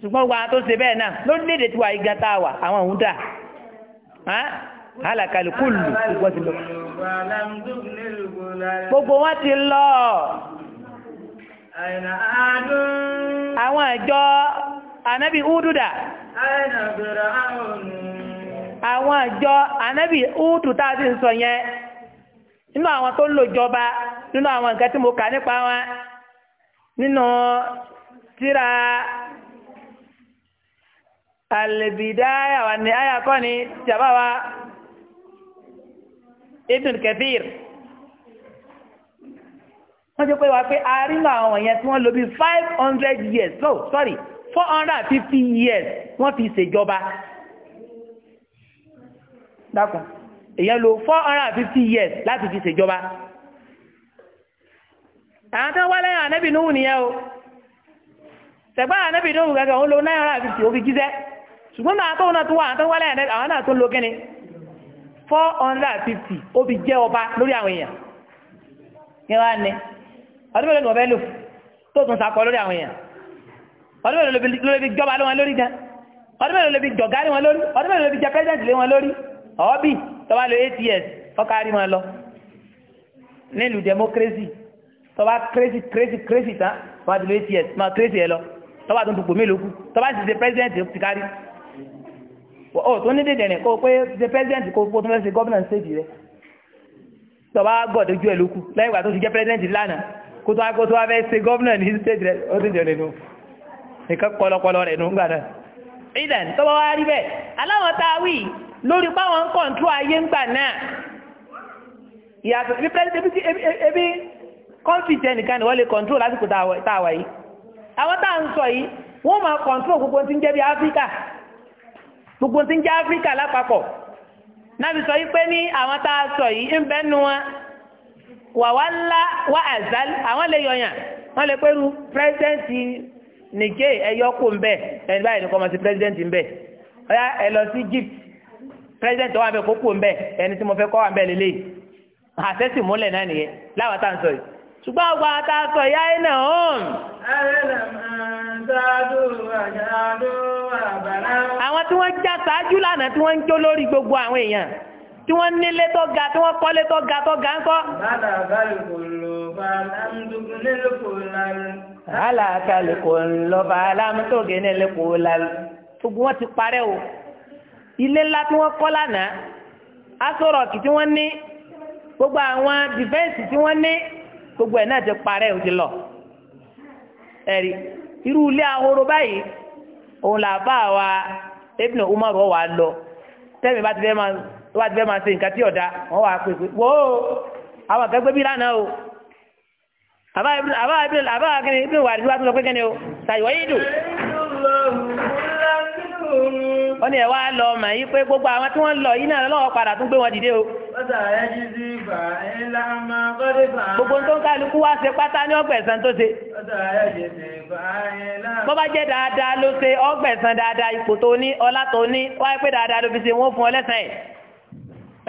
ṣùgbọ́n gba tó ṣe bẹ́ẹ̀ náà lórílẹ̀‐èdè tí wà á tá a wà àwọn òun dà alàkàlù kùlù ṣùgbọ́n ti lọ. gbogbo wọn ti lọ. àwọn ìjọ anabi ududa. àwọn ìjọ anabi udu tá a sọ yẹn nínú àwọn tó ń lò jọba nínú àwọn nǹkan tí mo kà nípa wọn nínú tíra al-Bidaya wa Nihaya kọ́ ni jàmbá wa Ibn Kathir wọ́n ti pé wá pé a rí nínú àwọn yẹn tí wọ́n lò bí five hundred years no sorry four hundred and fifty years wọ́n fi ṣèjọba dákun èèyàn lò four hundred and fifty years láti fi ṣèjọba àwọn tó wá lẹ́yìn ànábì Nuhu nìyẹn o ṣẹ̀gbọ́n ànábì Nuhu gẹ́gẹ́ òun lo nine hundred and fifty ó fi jíṣẹ́ ṣùgbọ́n màá tóun náà tó wà àwọn tó wá lẹ́yìn àwọn náà tó lo kíni four hundred and fifty ó fi ọba lórí àwọn èèyàn yẹn wá ní ọdún mélòó ni wọ́n fẹ́ lò tó tún sakọ lórí àwọn èèyàn ọdún mélòó ló fi jọba lé wọn lórí gan ọdún mélòó ló fi jọ̀gá lé wọn lórí ọdún mélòó ló fi jẹ pẹ́sidẹ̀ntì lé wọn lórí ọ̀ọ́bì tọ́ba lo eight years ọkàrí máa lọ nílùú democracy tọ́ba crazy crazy crazy tán tọ́ba ti lo eight years crazy ẹ lọ tọ́ba tó ń dupò mélòó kù tọ́ba ti ṣe president ti kárí ó tó ní dèdè rìn kó o pé ti ṣe president kó o tó fẹ́ ṣe governor state rẹ tọ́ba gbọ́dọ̀ ju ẹ̀ ló kù lẹ́yìn ìgbà tó ti jẹ́ president lánàá kó tó wá kó tó wá fẹ́ ṣe governor ní state rẹ ó ti jẹ́ nínú nìkan kọlọkọlọ rẹ̀ nù ń gbà ìdàn tọ́wọ́ wá rí bẹ́ẹ̀ aláwọn táwí lórí páwọn kọ̀ǹtró ayé ń gbà náà ìyàtọ̀ ibi pẹ́lẹ́tẹ́ ebi kọ́ńtì jẹ́ nìkan ni wọ́n lè kọ̀ǹtró lásìkò táwa yìí àwọn táà ń sọ yìí wọ́n máa kọ̀ǹtró gbogbo tí ń jẹ́ bí áfíríkà gbogbo tí ń jẹ́ áfíríkà lápapọ̀ náàbì sọ wípé ní àwọn tá a sọ yìí ń bẹ́nu wọn wà wá ńlá wá àzálì àwọn lè yọyàn wọ́n lè pẹ́rú pírẹ́sẹ́ǹtì nìké ẹyọkù ńbẹ ẹni báyìí nìkan máa president ńbẹ ọyá ẹ lọ sí Egypt president wà bẹ kókó ńbẹ ẹni tí mo fẹ́ kọ́ wà ńbẹ lélẹ́yìí àtẹ́sí múlẹ̀ náà nìyẹn láwọn tá à ń sọ yìí ṣùgbọ́n àwọn àtà sọ ìyá náà hàn. àwọn tí wọ́n já ṣáájú lánàá tí wọ́n ń jó lórí gbogbo àwọn èèyàn tí wọ́n nílé tó ga tí wọ́n kọ́lé tó ga tó ga ń kọ́. aláàkàlẹ̀ kò ń lọ bá alámútògé nílẹ̀ kò lálù gbogbo wọn ti parẹ́ o ilé ńlá tí wọ́n kọ́ lánàá asọ̀rọ̀kì tí wọ́n ní gbogbo àwọn dìfẹ́ǹsì tí wọ́n ní gbogbo ẹ̀ náà ti parẹ́ o ti lọ ẹ̀rí irú ilé ahoro báyìí òun làbá wa Ibn Umar wà lọ tẹ́mi bá ti fẹ́ máa tó bá máa ṣe nǹkan tí ọ̀dà wọ́n wà pé wò àwọn kan gbé bí lánàá o àbá ibi wà nígbà tó lọ pé kẹ́ni o ṣàyẹ̀wò yìí dùn. wọ́n ní ẹ̀ lọ mà yí pé gbogbo àwọn tí wọ́n lọ yìí náà lọ́wọ́ padà tún gbé wọn dìde o. gbogbo tó ń kálukú wá ṣe pátá ní ọgbẹ̀sán tó ṣe. bó bá jẹ́ dáadáa ló ṣe dáadáa ipò tó ní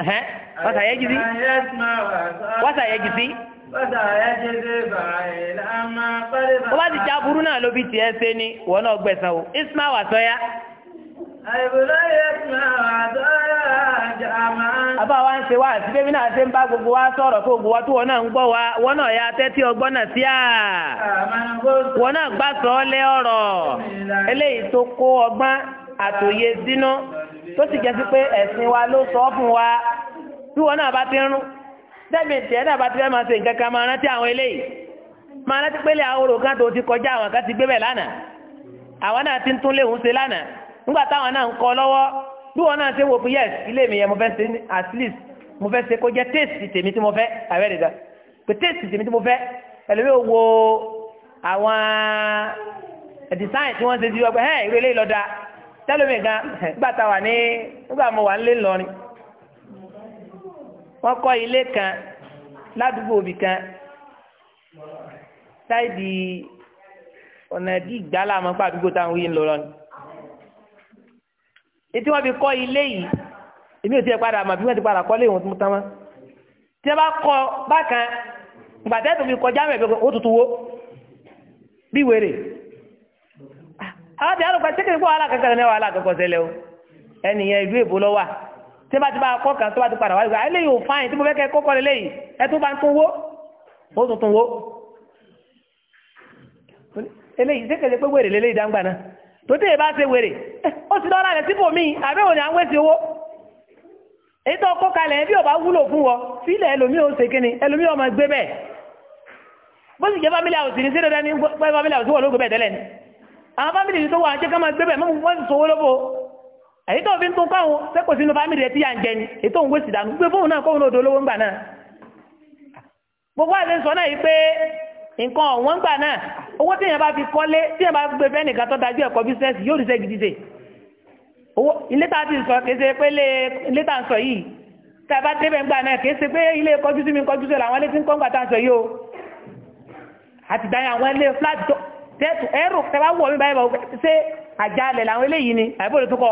ẹ̀hẹ́n wàtà yẹ wàtà yẹ wọ́n bá ti já burú náà ló tiẹ̀ ṣe ni wọ́n náà gbẹ̀sán o isma wà sọ́yà. àbá wa ń ṣe wá àti bébí náà ṣe ń gbogbo wa sọ̀rọ̀ fún gbogbo wa tí wọ́n náà ń gbọ́ wa ya tẹ́tí ọgbọ́n náà sí à. wọ́n náà gbà sọ lé eléyìí tó àtòyé dínú tó sì jẹ́ sí pé ẹ̀sìn wa ló sọ fún wa bí wọn náà bá ti rún tẹ́mi tẹ́ náà bá ti fẹ́ máa ṣe nǹkan kan máa rántí àwọn eléyìí máa rántí pélé ahoro kan tó ti kọjá àwọn kan ti gbé bẹ̀ lánàá àwọn náà ti ń tún léhùn ṣe lánàá nígbà táwọn náà ń kọ lọ́wọ́ bí wọn náà ṣe wò fún yẹ́sì ilé mi yẹn mo fẹ́ ṣe at least mo fẹ́ ṣe kó jẹ́ téèsì tèmi tí mo fẹ́ àwẹ̀rẹ̀ dá pé téèsì tèmi tí mo fẹ́ ẹlòmíì wo àwọn design tí wọ́n ṣe sí ọgbẹ́ ẹ̀ ìrẹ́lẹ́ lọ́dà tẹ́lómi gan gbàtà wà ní nígbà mo wà nílé ńlọrin wọ́n kọ́ ilé kan ládùúgbò òbí kan sáìdì ọ̀nà ìdí ìgbàlá àmọ́ pé àdúgbò táwọn yìí ń lọ lọ́ni. ètí wọ́n fi kọ́ ilé yìí èmi ò tiẹ̀ padà àmọ́ bí wọ́n ti padà kọ́lé ìwọ̀n tuntun mọ́. tí wọ́n bá kọ́ bákan ìgbà tẹ́tù fi kọjá mẹ́fẹ́ ó tutù wó bí wèrè àwọn ti àrùn pa ṣé kìí kó wàhálà kankan ní wàhálà kankan ṣẹlẹ̀ o ẹnì yẹn ìlú èbó lọ́wà tí bá ti bá kọ́ kan tó bá ti padà wá ìgbà eléyìí ò fáyìn tí mo fẹ́ kẹ́ kọ́kọ́ lé léyìí ẹ tó bá ń tún wó ó tún tún wó eléyìí ṣé kìí pé wèrè léléyìí dáńgbà náà tó tẹ̀ bá ṣe wèrè eh, ó ti lọ́ra rẹ̀ sípò míì àbẹ́wò ni à ń wé sí owó èyí tó kọ́ kalẹ̀ bí o bá wúlò fún wọ sílẹ̀ ẹlòmíì ó ṣe kíni ẹlòmíì ó máa gbé bẹ́ẹ̀ bó sì jẹ́ family house ní sí àwọn fámìlì yìí tó wà jẹ́ ká máa gbébẹ̀ mọ́ wọ́n sì sówó lọ́bọ̀ èyí tó fi ń tún káwọn sẹ́kọ̀ọ́ sínú fámìlì rẹ̀ tí yà ń jẹ ni èyí tó ń wéṣì dànù gbé fóun náà kóun odò olówó ńgbà náà gbogbo àti sọ náà yìí pé nǹkan ọ̀wọ́n ńgbà náà owó tí yẹn bá fi kọ́lé tí yẹn bá gbé fẹ́ nìkan tó dájú ẹ̀kọ́ bísíǹsì yóò ríṣẹ́ gidi dè owó a ti sọ kì í ṣe tá a sọ yìí a bá débẹ̀ ńgbà náà kì í ṣe pé ilé kọjú sí mi kọjú sí làwọn ilé a sọ yìí àtìdáyà àwọn ilé fúláàtì tẹ́tù ẹ̀rù tẹ́wà wọ̀ mí báyìí ṣé àjálẹ̀ làwọn eléyìí ni àìbòrò tó kọ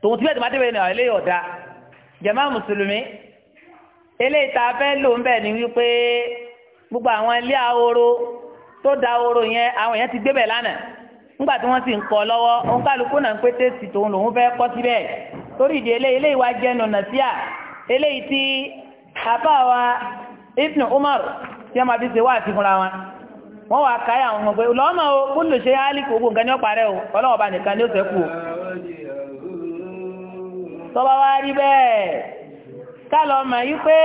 tòun tí bẹ́ẹ̀ tó bá débẹ̀ ni àwọn eléyìí ọ̀dà jàmá mùsùlùmí eléyìí tá a fẹ́ lò ń bẹ̀ ni wípé gbogbo àwọn ilé ahoro tó da ahoro yẹn àwọn èèyàn ti gbébẹ̀ lánàá nígbà tí wọ́n sì ń kọ́ lọ́wọ́ òun kálukú náà ń pété sí tòun lòun fẹ́ kọ́ síbẹ̀ torí ìdí eléyìí eléyìí wá jẹ́ nùnà sí à eléyìí tí àbá wa Ibn Umar tí wọ́n máa fi ṣe wá àti fúnra wọn wọ́n wà káyà àwọn ọmọ pé lọ́mọ o kúlù ṣe áálìkù ogun nǹkan ní ọ̀pá o ọlọ́wọ́ nìkan ní òsẹ̀ kù tọ́ba wá rí bẹ́ẹ̀ kálọ̀ mọ̀ yí pé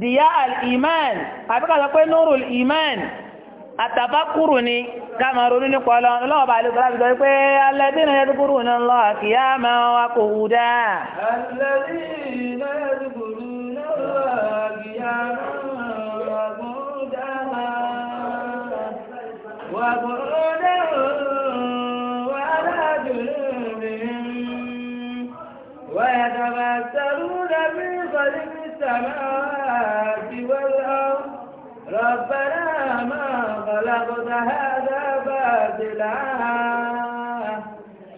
dìyà al-iman àbíkàtọ̀ pé nuru al-iman àtàbákùrù ni kámàrún ní pọ̀lọ́ ọlọ́ọ̀bà alẹ́sọ́lá fi sọ pé alẹ́dínà yẹ́ dúkúrù ní lọ kí á máa وقعودهم وعلى جنوبهم ويتبسلون في خلق السماوات والأرض ربنا ما خلقت هذا باطلا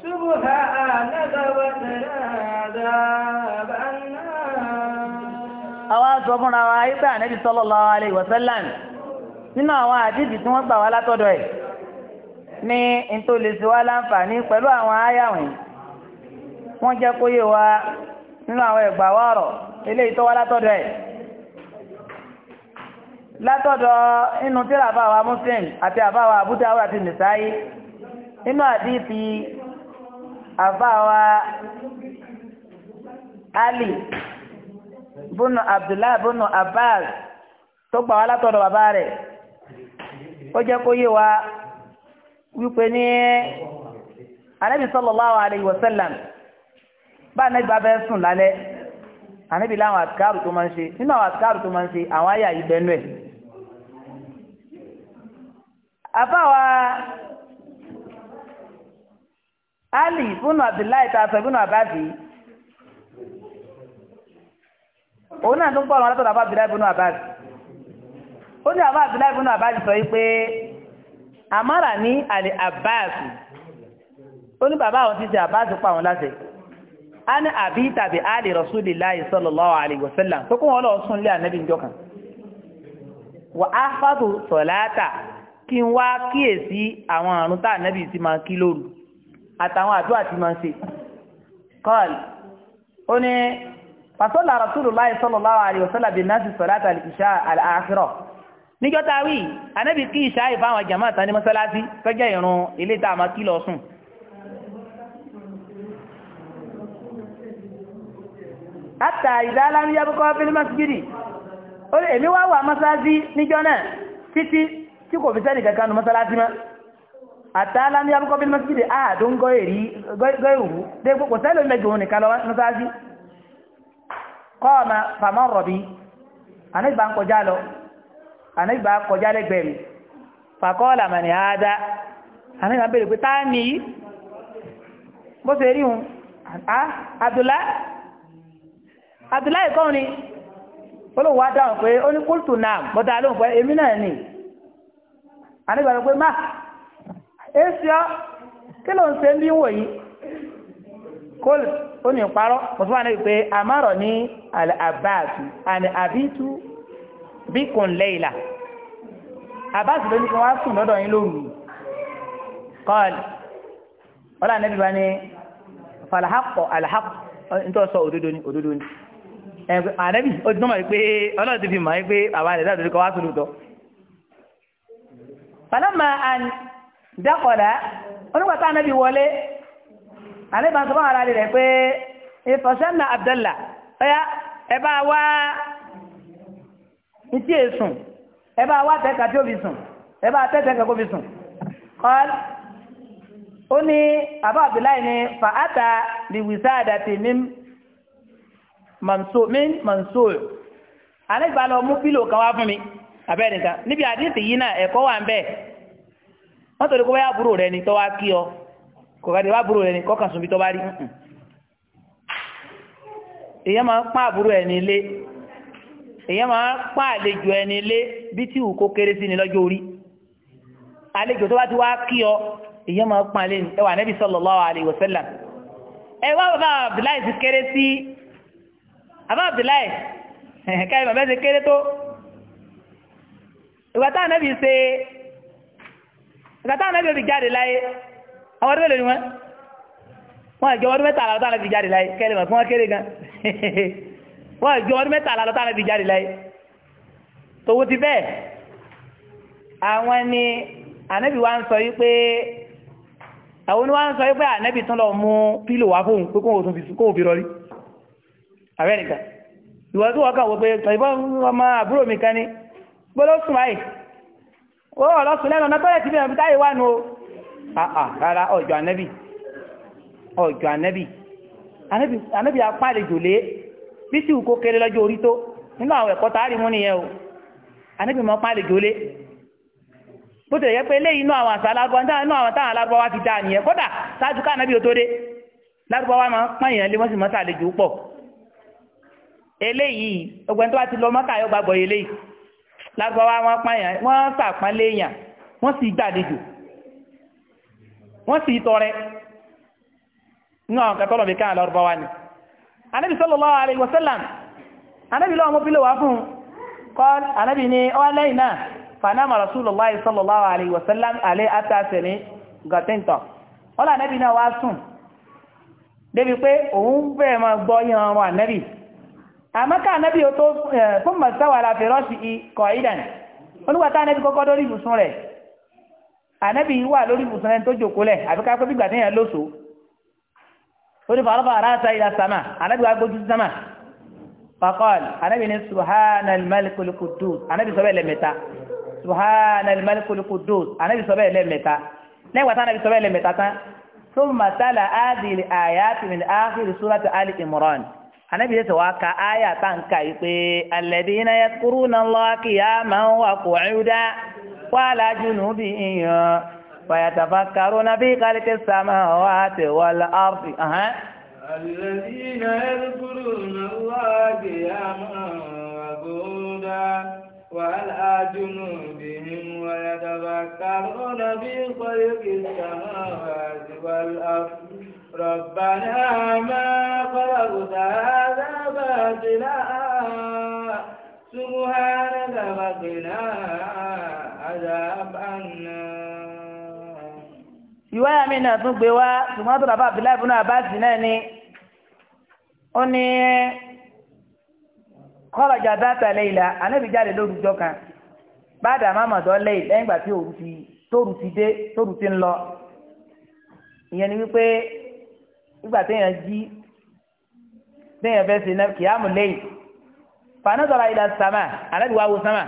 سبحانك وقنا عذاب النار. أواصفنا وعيسى النبي صلى الله عليه وسلم sínú àwọn àdìsí tí wọ́n gbà wá látọ̀dọ̀ ẹ̀ ní ntòlèsí wa láǹfààní pẹ̀lú àwọn áyàwìn wọ́n jẹ́ kó yé wa nínú àwọn ẹ̀gbà wa ọ̀rọ̀ eléyìí tó wá látọ̀dọ̀ ẹ̀ látọ̀dọ̀ inú tíra àbáwa muslim àti àbáwa abúdáwà àti nìsáyí inú àdìsí àbáwa ali bunu abdullahi bunu abbas tó gbà wá látọ̀dọ̀ bàbá rẹ̀ ó jẹ́ kó yé wa wípé ní anábì sallallahu alayhi wa sallam bá anábì bá fẹ́ sùn lálẹ́ anábì láwọn àtikáàrù tó máa ń ṣe nínú àwọn àtikáàrù tó máa ń ṣe àwọn àyà yìí bẹ́ẹ̀ nù ẹ̀. àfáwa Ali fúnù Abdullahi tá a sọ fúnù Abáàbí òun náà tó ń pọ̀ àwọn alátọ̀dọ̀ àbá Abdullahi fúnù Abáàbí ó ní àbá àbílá ìbúnú àbájú sọ wípé àmàrà ní àlè àbáàsì ó ní bàbá àwọn títí àbáàsì pa àwọn láṣẹ á ní àbí tàbí àlè rọ̀súlì láì sallallahu alaihi wasallam tó kún wọn lọ sún lé ànábì njọ kan wà á fàtò sọ̀láàtà kí n wá kíyèsí àwọn àrùn tá ànábì ti máa kí lóru àtàwọn àdúrà ti máa ṣe kọ́ọ̀lì ó ní fasọ́lá rọ̀súlù láì sallallahu alaihi wasallam bin nasi sọ̀láàtà al-isha níjọ́ tá a wí anábì kí ìṣáì fáwọn jàmáà tán ní mọ́sálásí sọ́jà ìrun ilé tá a máa kí lọ sùn. àtà ìdálámi yábùkọ́ fílímọ́sígìdì ó lè èmi wá wà mọ́sálásí níjọ́ náà títí tí kò fi sẹ́nì kankan nu mọ́sálásí mọ́ àtà alámi yábùkọ́ fílímọ́sígìdì àádó ń gọ́ èrí gọ́ ìwú dé kò sẹ́lẹ̀ mẹ́jọ òun nìkan lọ ànábì bá kọjá lẹ́gbẹ̀ẹ́ mi fàkọ́ọ̀là màní àádá ànábì bá bẹ̀rẹ̀ pé tá ní yí bó ṣe rí hun àdùlá àdùlá ìkọ́ ni olóòwò á dáhùn pé ó ní kúrútù náà mọ́tà lóhùn pé èmi náà nì ànábì pé má é sí kí ló ń ṣe ń bí wò yìí ó ní ìparọ́ mọ̀tò wà náà pé àmárọ̀ ní àbáàtù àbítú bí kò ń lẹ́ ìlà Abbas ló ní kí wọ́n sùn lọ́dọ̀ yín lóru kọ́ọ̀lù wọ́n lànà bíbá ní falahakọ̀ alahakọ̀ nítorí sọ òdodo ni òdodo ni ànábì ó ti dánmọ̀ pé ọlọ́run ti fi mọ̀ pé rẹ̀ kọ́ wá onígbàtà wọlé ara rẹ̀ pé ìfọ̀sẹ́nà Abdallah ẹ ntí yẹ sùn ẹ bá wá tẹ́ka tí ó fi sùn ẹ bá tẹ́ tẹ́ka kó fi sùn kọ́l ó ní àbá abdullahi ní fàáta lìwìsá àdàtì mi mọ̀nsóòl alẹ́ ìbá lọ mú pílò kan wá fún mi abẹ́ nìkan níbi àdínsì yìí náà ẹ̀kọ́ wà ń bẹ̀ wọ́n tọ́lé kó bá yá rẹ ni tọ́wá kí ọ kò ká dé bá rẹ ni kọ́kàn bí tọ́ bá rí èèyàn máa ń pọ́n àbúrò ẹ̀ ní ilé èèyàn máa pa àlejò ẹni lé bí tí ìwù kó kéré sí ni lọ́jọ́ orí àlejò tó bá ti wá kí ọ èèyàn máa pa lé ní ẹwà nẹ́bí sallallahu alaihi wasallam ẹ wá bàbá Abdullahi ti kéré sí bàbá Abdullahi káyọ̀ bàbá ti kéré tó ìgbà táwọn nẹ́bí ṣe ìgbà táwọn nẹ́bí ti jáde láyé àwọn ọdún mélòó ni wọ́n wọ́n àjọ ọdún mẹ́ta àlàó táwọn nẹ́bí jáde láyé kẹ́lẹ́ mọ̀ fún wọn kéré gan wọ́n ìjọ ọdún mẹ́tàlá lọ tánàbí jáde láyé tòwó ti bẹ́ẹ̀ àwọn ni ànábì wa ń sọ yí pé àwọn ni wa ń sọ yí pé ànábì tún lọ mú pílò wá fóun pé kóhùn tún fi kóhùn fi rọrí àbẹ́ nìkan ìwọ tí wọ́n kàn wọ́n pé tọ̀yìnbọn ọmọ àbúrò mi kan ni gbọ́dọ̀ sùn báyìí ó ọlọ́sùn lẹ́nu ọ̀nà tọ́lẹ̀ tí bí ọ̀bí táyé wà nù ó àà rárá ọjọ́ ànábì ọjọ́ ànábì ànábì apá àlejò lé bí tí ìwòkó kéré lọ́jọ́ orí tó nínú àwọn ẹ̀kọ́ tá a rí mú nìyẹn o ànábì mọ́ pálí jólé bó tilẹ̀ yẹ pé eléyìí inú àwọn àṣà alárúbọ inú àwọn táwọn alárúbọ wa fi dáa nìyẹn kódà ṣáájú ká ànábì tó dé lárúbọ wa máa pọ́n èèyàn lé wọ́n sì mọ́ sàlejò pọ̀ eléyìí ọgbẹ́ni tó bá ti lọ mọ́kà yóò gbàgbọ́ eléyìí lárúbọ wa wọ́n pọ́n èèyàn wọ́n sàpọ́nlé èèyàn wọ́n sì gbàlejò wọ́n tọrẹ inú àwọn kẹtọ́lọ̀ ni anábì sallallahu alaihi wasallam anábì lọ́wọ́ mọ́ pílò wá fún kọ́l anábì ní ọwá lẹ́yìn náà fanama rasulullahi sallallahu alaihi wasallam alẹ́ àtàṣẹ ní gọ̀tíntọ̀ ọlá anábì náà wá sùn débi pé òun bẹ́ẹ̀ máa gbọ́ yan ọrùn anábì àmọ́ ká anábì ó tó fún mọ̀sáwàlá fèrọ́sì ikọ̀ ìdàn onígbàtá anábì kọ́kọ́ lórí ibùsùn rẹ̀ anábì wà lórí ibùsùn rẹ̀ tó jòkó lẹ̀ àfikà pé bígbà téèyàn lóṣòó orí fàrọ́fà aráàta ilà sàmà anábì wa gbójú sàmà fàkọ́l anábì ní subhana al-malikul qudus anábì sọ bẹ́ẹ̀ lẹ́mẹ̀ta subhana al-malikul qudus anábì sọ bẹ́ẹ̀ lẹ́mẹ̀ta lẹ́gbàá tán anábì sọ bẹ́ẹ̀ lẹ́mẹ̀ta tán ثم تلا هذه الآيات من آخر سورة آل عمران anabi sọ wa ka aya ta nka yi pé alẹ́dínà yẹ kúrú náà lọ́ọ́ kìyàmá wà kò ẹ̀rú dá wà ìyàn فيتفكرون في خلق السماوات والأرض أه. الذين يذكرون الله قياما وقعودا وعلى جنوبهم ويتفكرون في خلق السماوات والأرض ربنا ما خلقت هذا باطلا سبحانك فقنا عذاب النار ìwáyà mi náà tún gbé wá ṣùgbọ́n tó bàbá abdullahi ibùnú abáàsì náà ni ó ní kọ́lọ̀jà dáta lẹ́yìnlá anábì jáde lórúkọ kan báàdà mámàdọ́ lẹ́yìn lẹ́yìn ìgbà tí òru ti tóru ti dé tóru ti ń lọ ìyẹn ni wípé ìgbà téèyàn jí téèyàn fẹ́ ṣe náà kìámù lẹ́yìn fanadọ́ra ilà sàmà anábì wá wo sàmà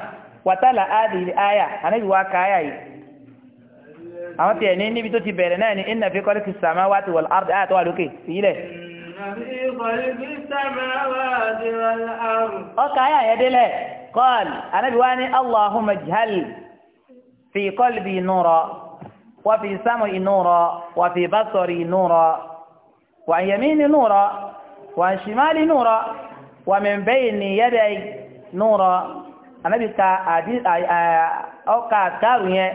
wàtálà áàdì àyà anábì wá ká yìí. àwọn tiẹ̀ ní níbi tó ti bẹ̀rẹ̀ náà ni inna fi kọ́lẹ́kì samawati wal ard àtọ́ wà lókè sílẹ̀. ọkà ayà yẹn délẹ̀ qal anábì wá ní allahumma jihal fi qalbi nura wa fi sam'i nura wa fi basari nura wa yamini nura wa shimali nura wa min bayni yaday nura anábì ka ọkà àtàrù yẹn.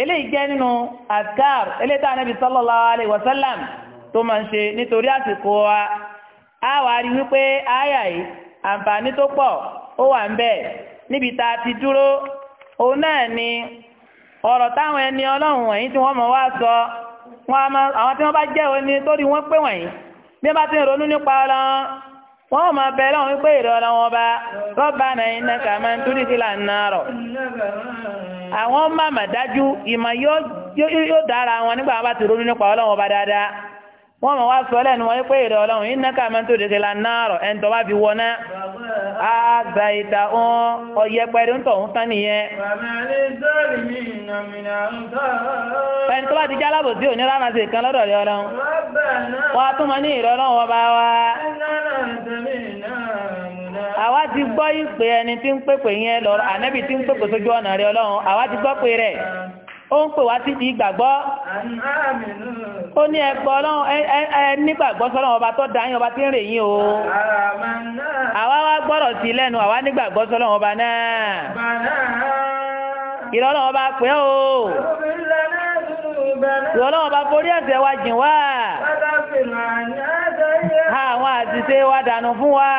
eléyìí jẹ́ nínú azkar eléyìí tá ànábì sallallahu wasallam tó máa ń ṣe a wà rí wípé àyà yìí àǹfààní tó pọ̀ ó wà ń bẹ níbi ti dúró òun náà ni ọ̀rọ̀ táwọn ẹni ọlọ́run wọ̀nyí tí wọ́n mọ̀ wá sọ àwọn tí wọ́n bá jẹ́ òní wọ́n pé wọ̀nyí bí wọ́n bá ti ronú nípa ọlọ́run wọ́n máa bẹ lọ́wọ́ wípé bá rọ́bà náà iná kà àwọn màmá dájú ìmọ̀ yóò dára wọn nígbà wọn bá ti ronú nípa ọlọ́wọ́n bá dáadáa wọ́n mọ̀ wá sọ lẹ́nu wọn pé ìrẹ̀ ọlọ́run iná ká máa ń tó dèkè lánàárọ̀ ẹni tó bá fi wọná àgbà ìta wọn ọyẹ pẹ̀lú ń tọ̀ ń tán nìyẹn. ẹni tó bá ti gbọ́ ìpè ẹni tí ń pèpè yẹn lọ ànẹ́bì tí ń pèpè sójú ọ̀nà rẹ̀ ọlọ́run àwa ti gbọ́ pè rẹ̀ ó ń pè wá sí di ìgbàgbọ́ ó ní ẹgbọ́ ọlọ́run ẹnigbàgbọ́ sọ́lọ́run ọba tó dáyín ọba tí ń rè yín o àwa wá gbọ́rọ̀ sí lẹ́nu àwa nígbàgbọ́ sọ́lọ́run ọba náà ìrọ̀lọ́run ọba pé o ìrọ̀lọ́run ọba forí ẹ̀ṣẹ̀ wa jìn wá àwọn àṣìṣe wa dànù fún wa.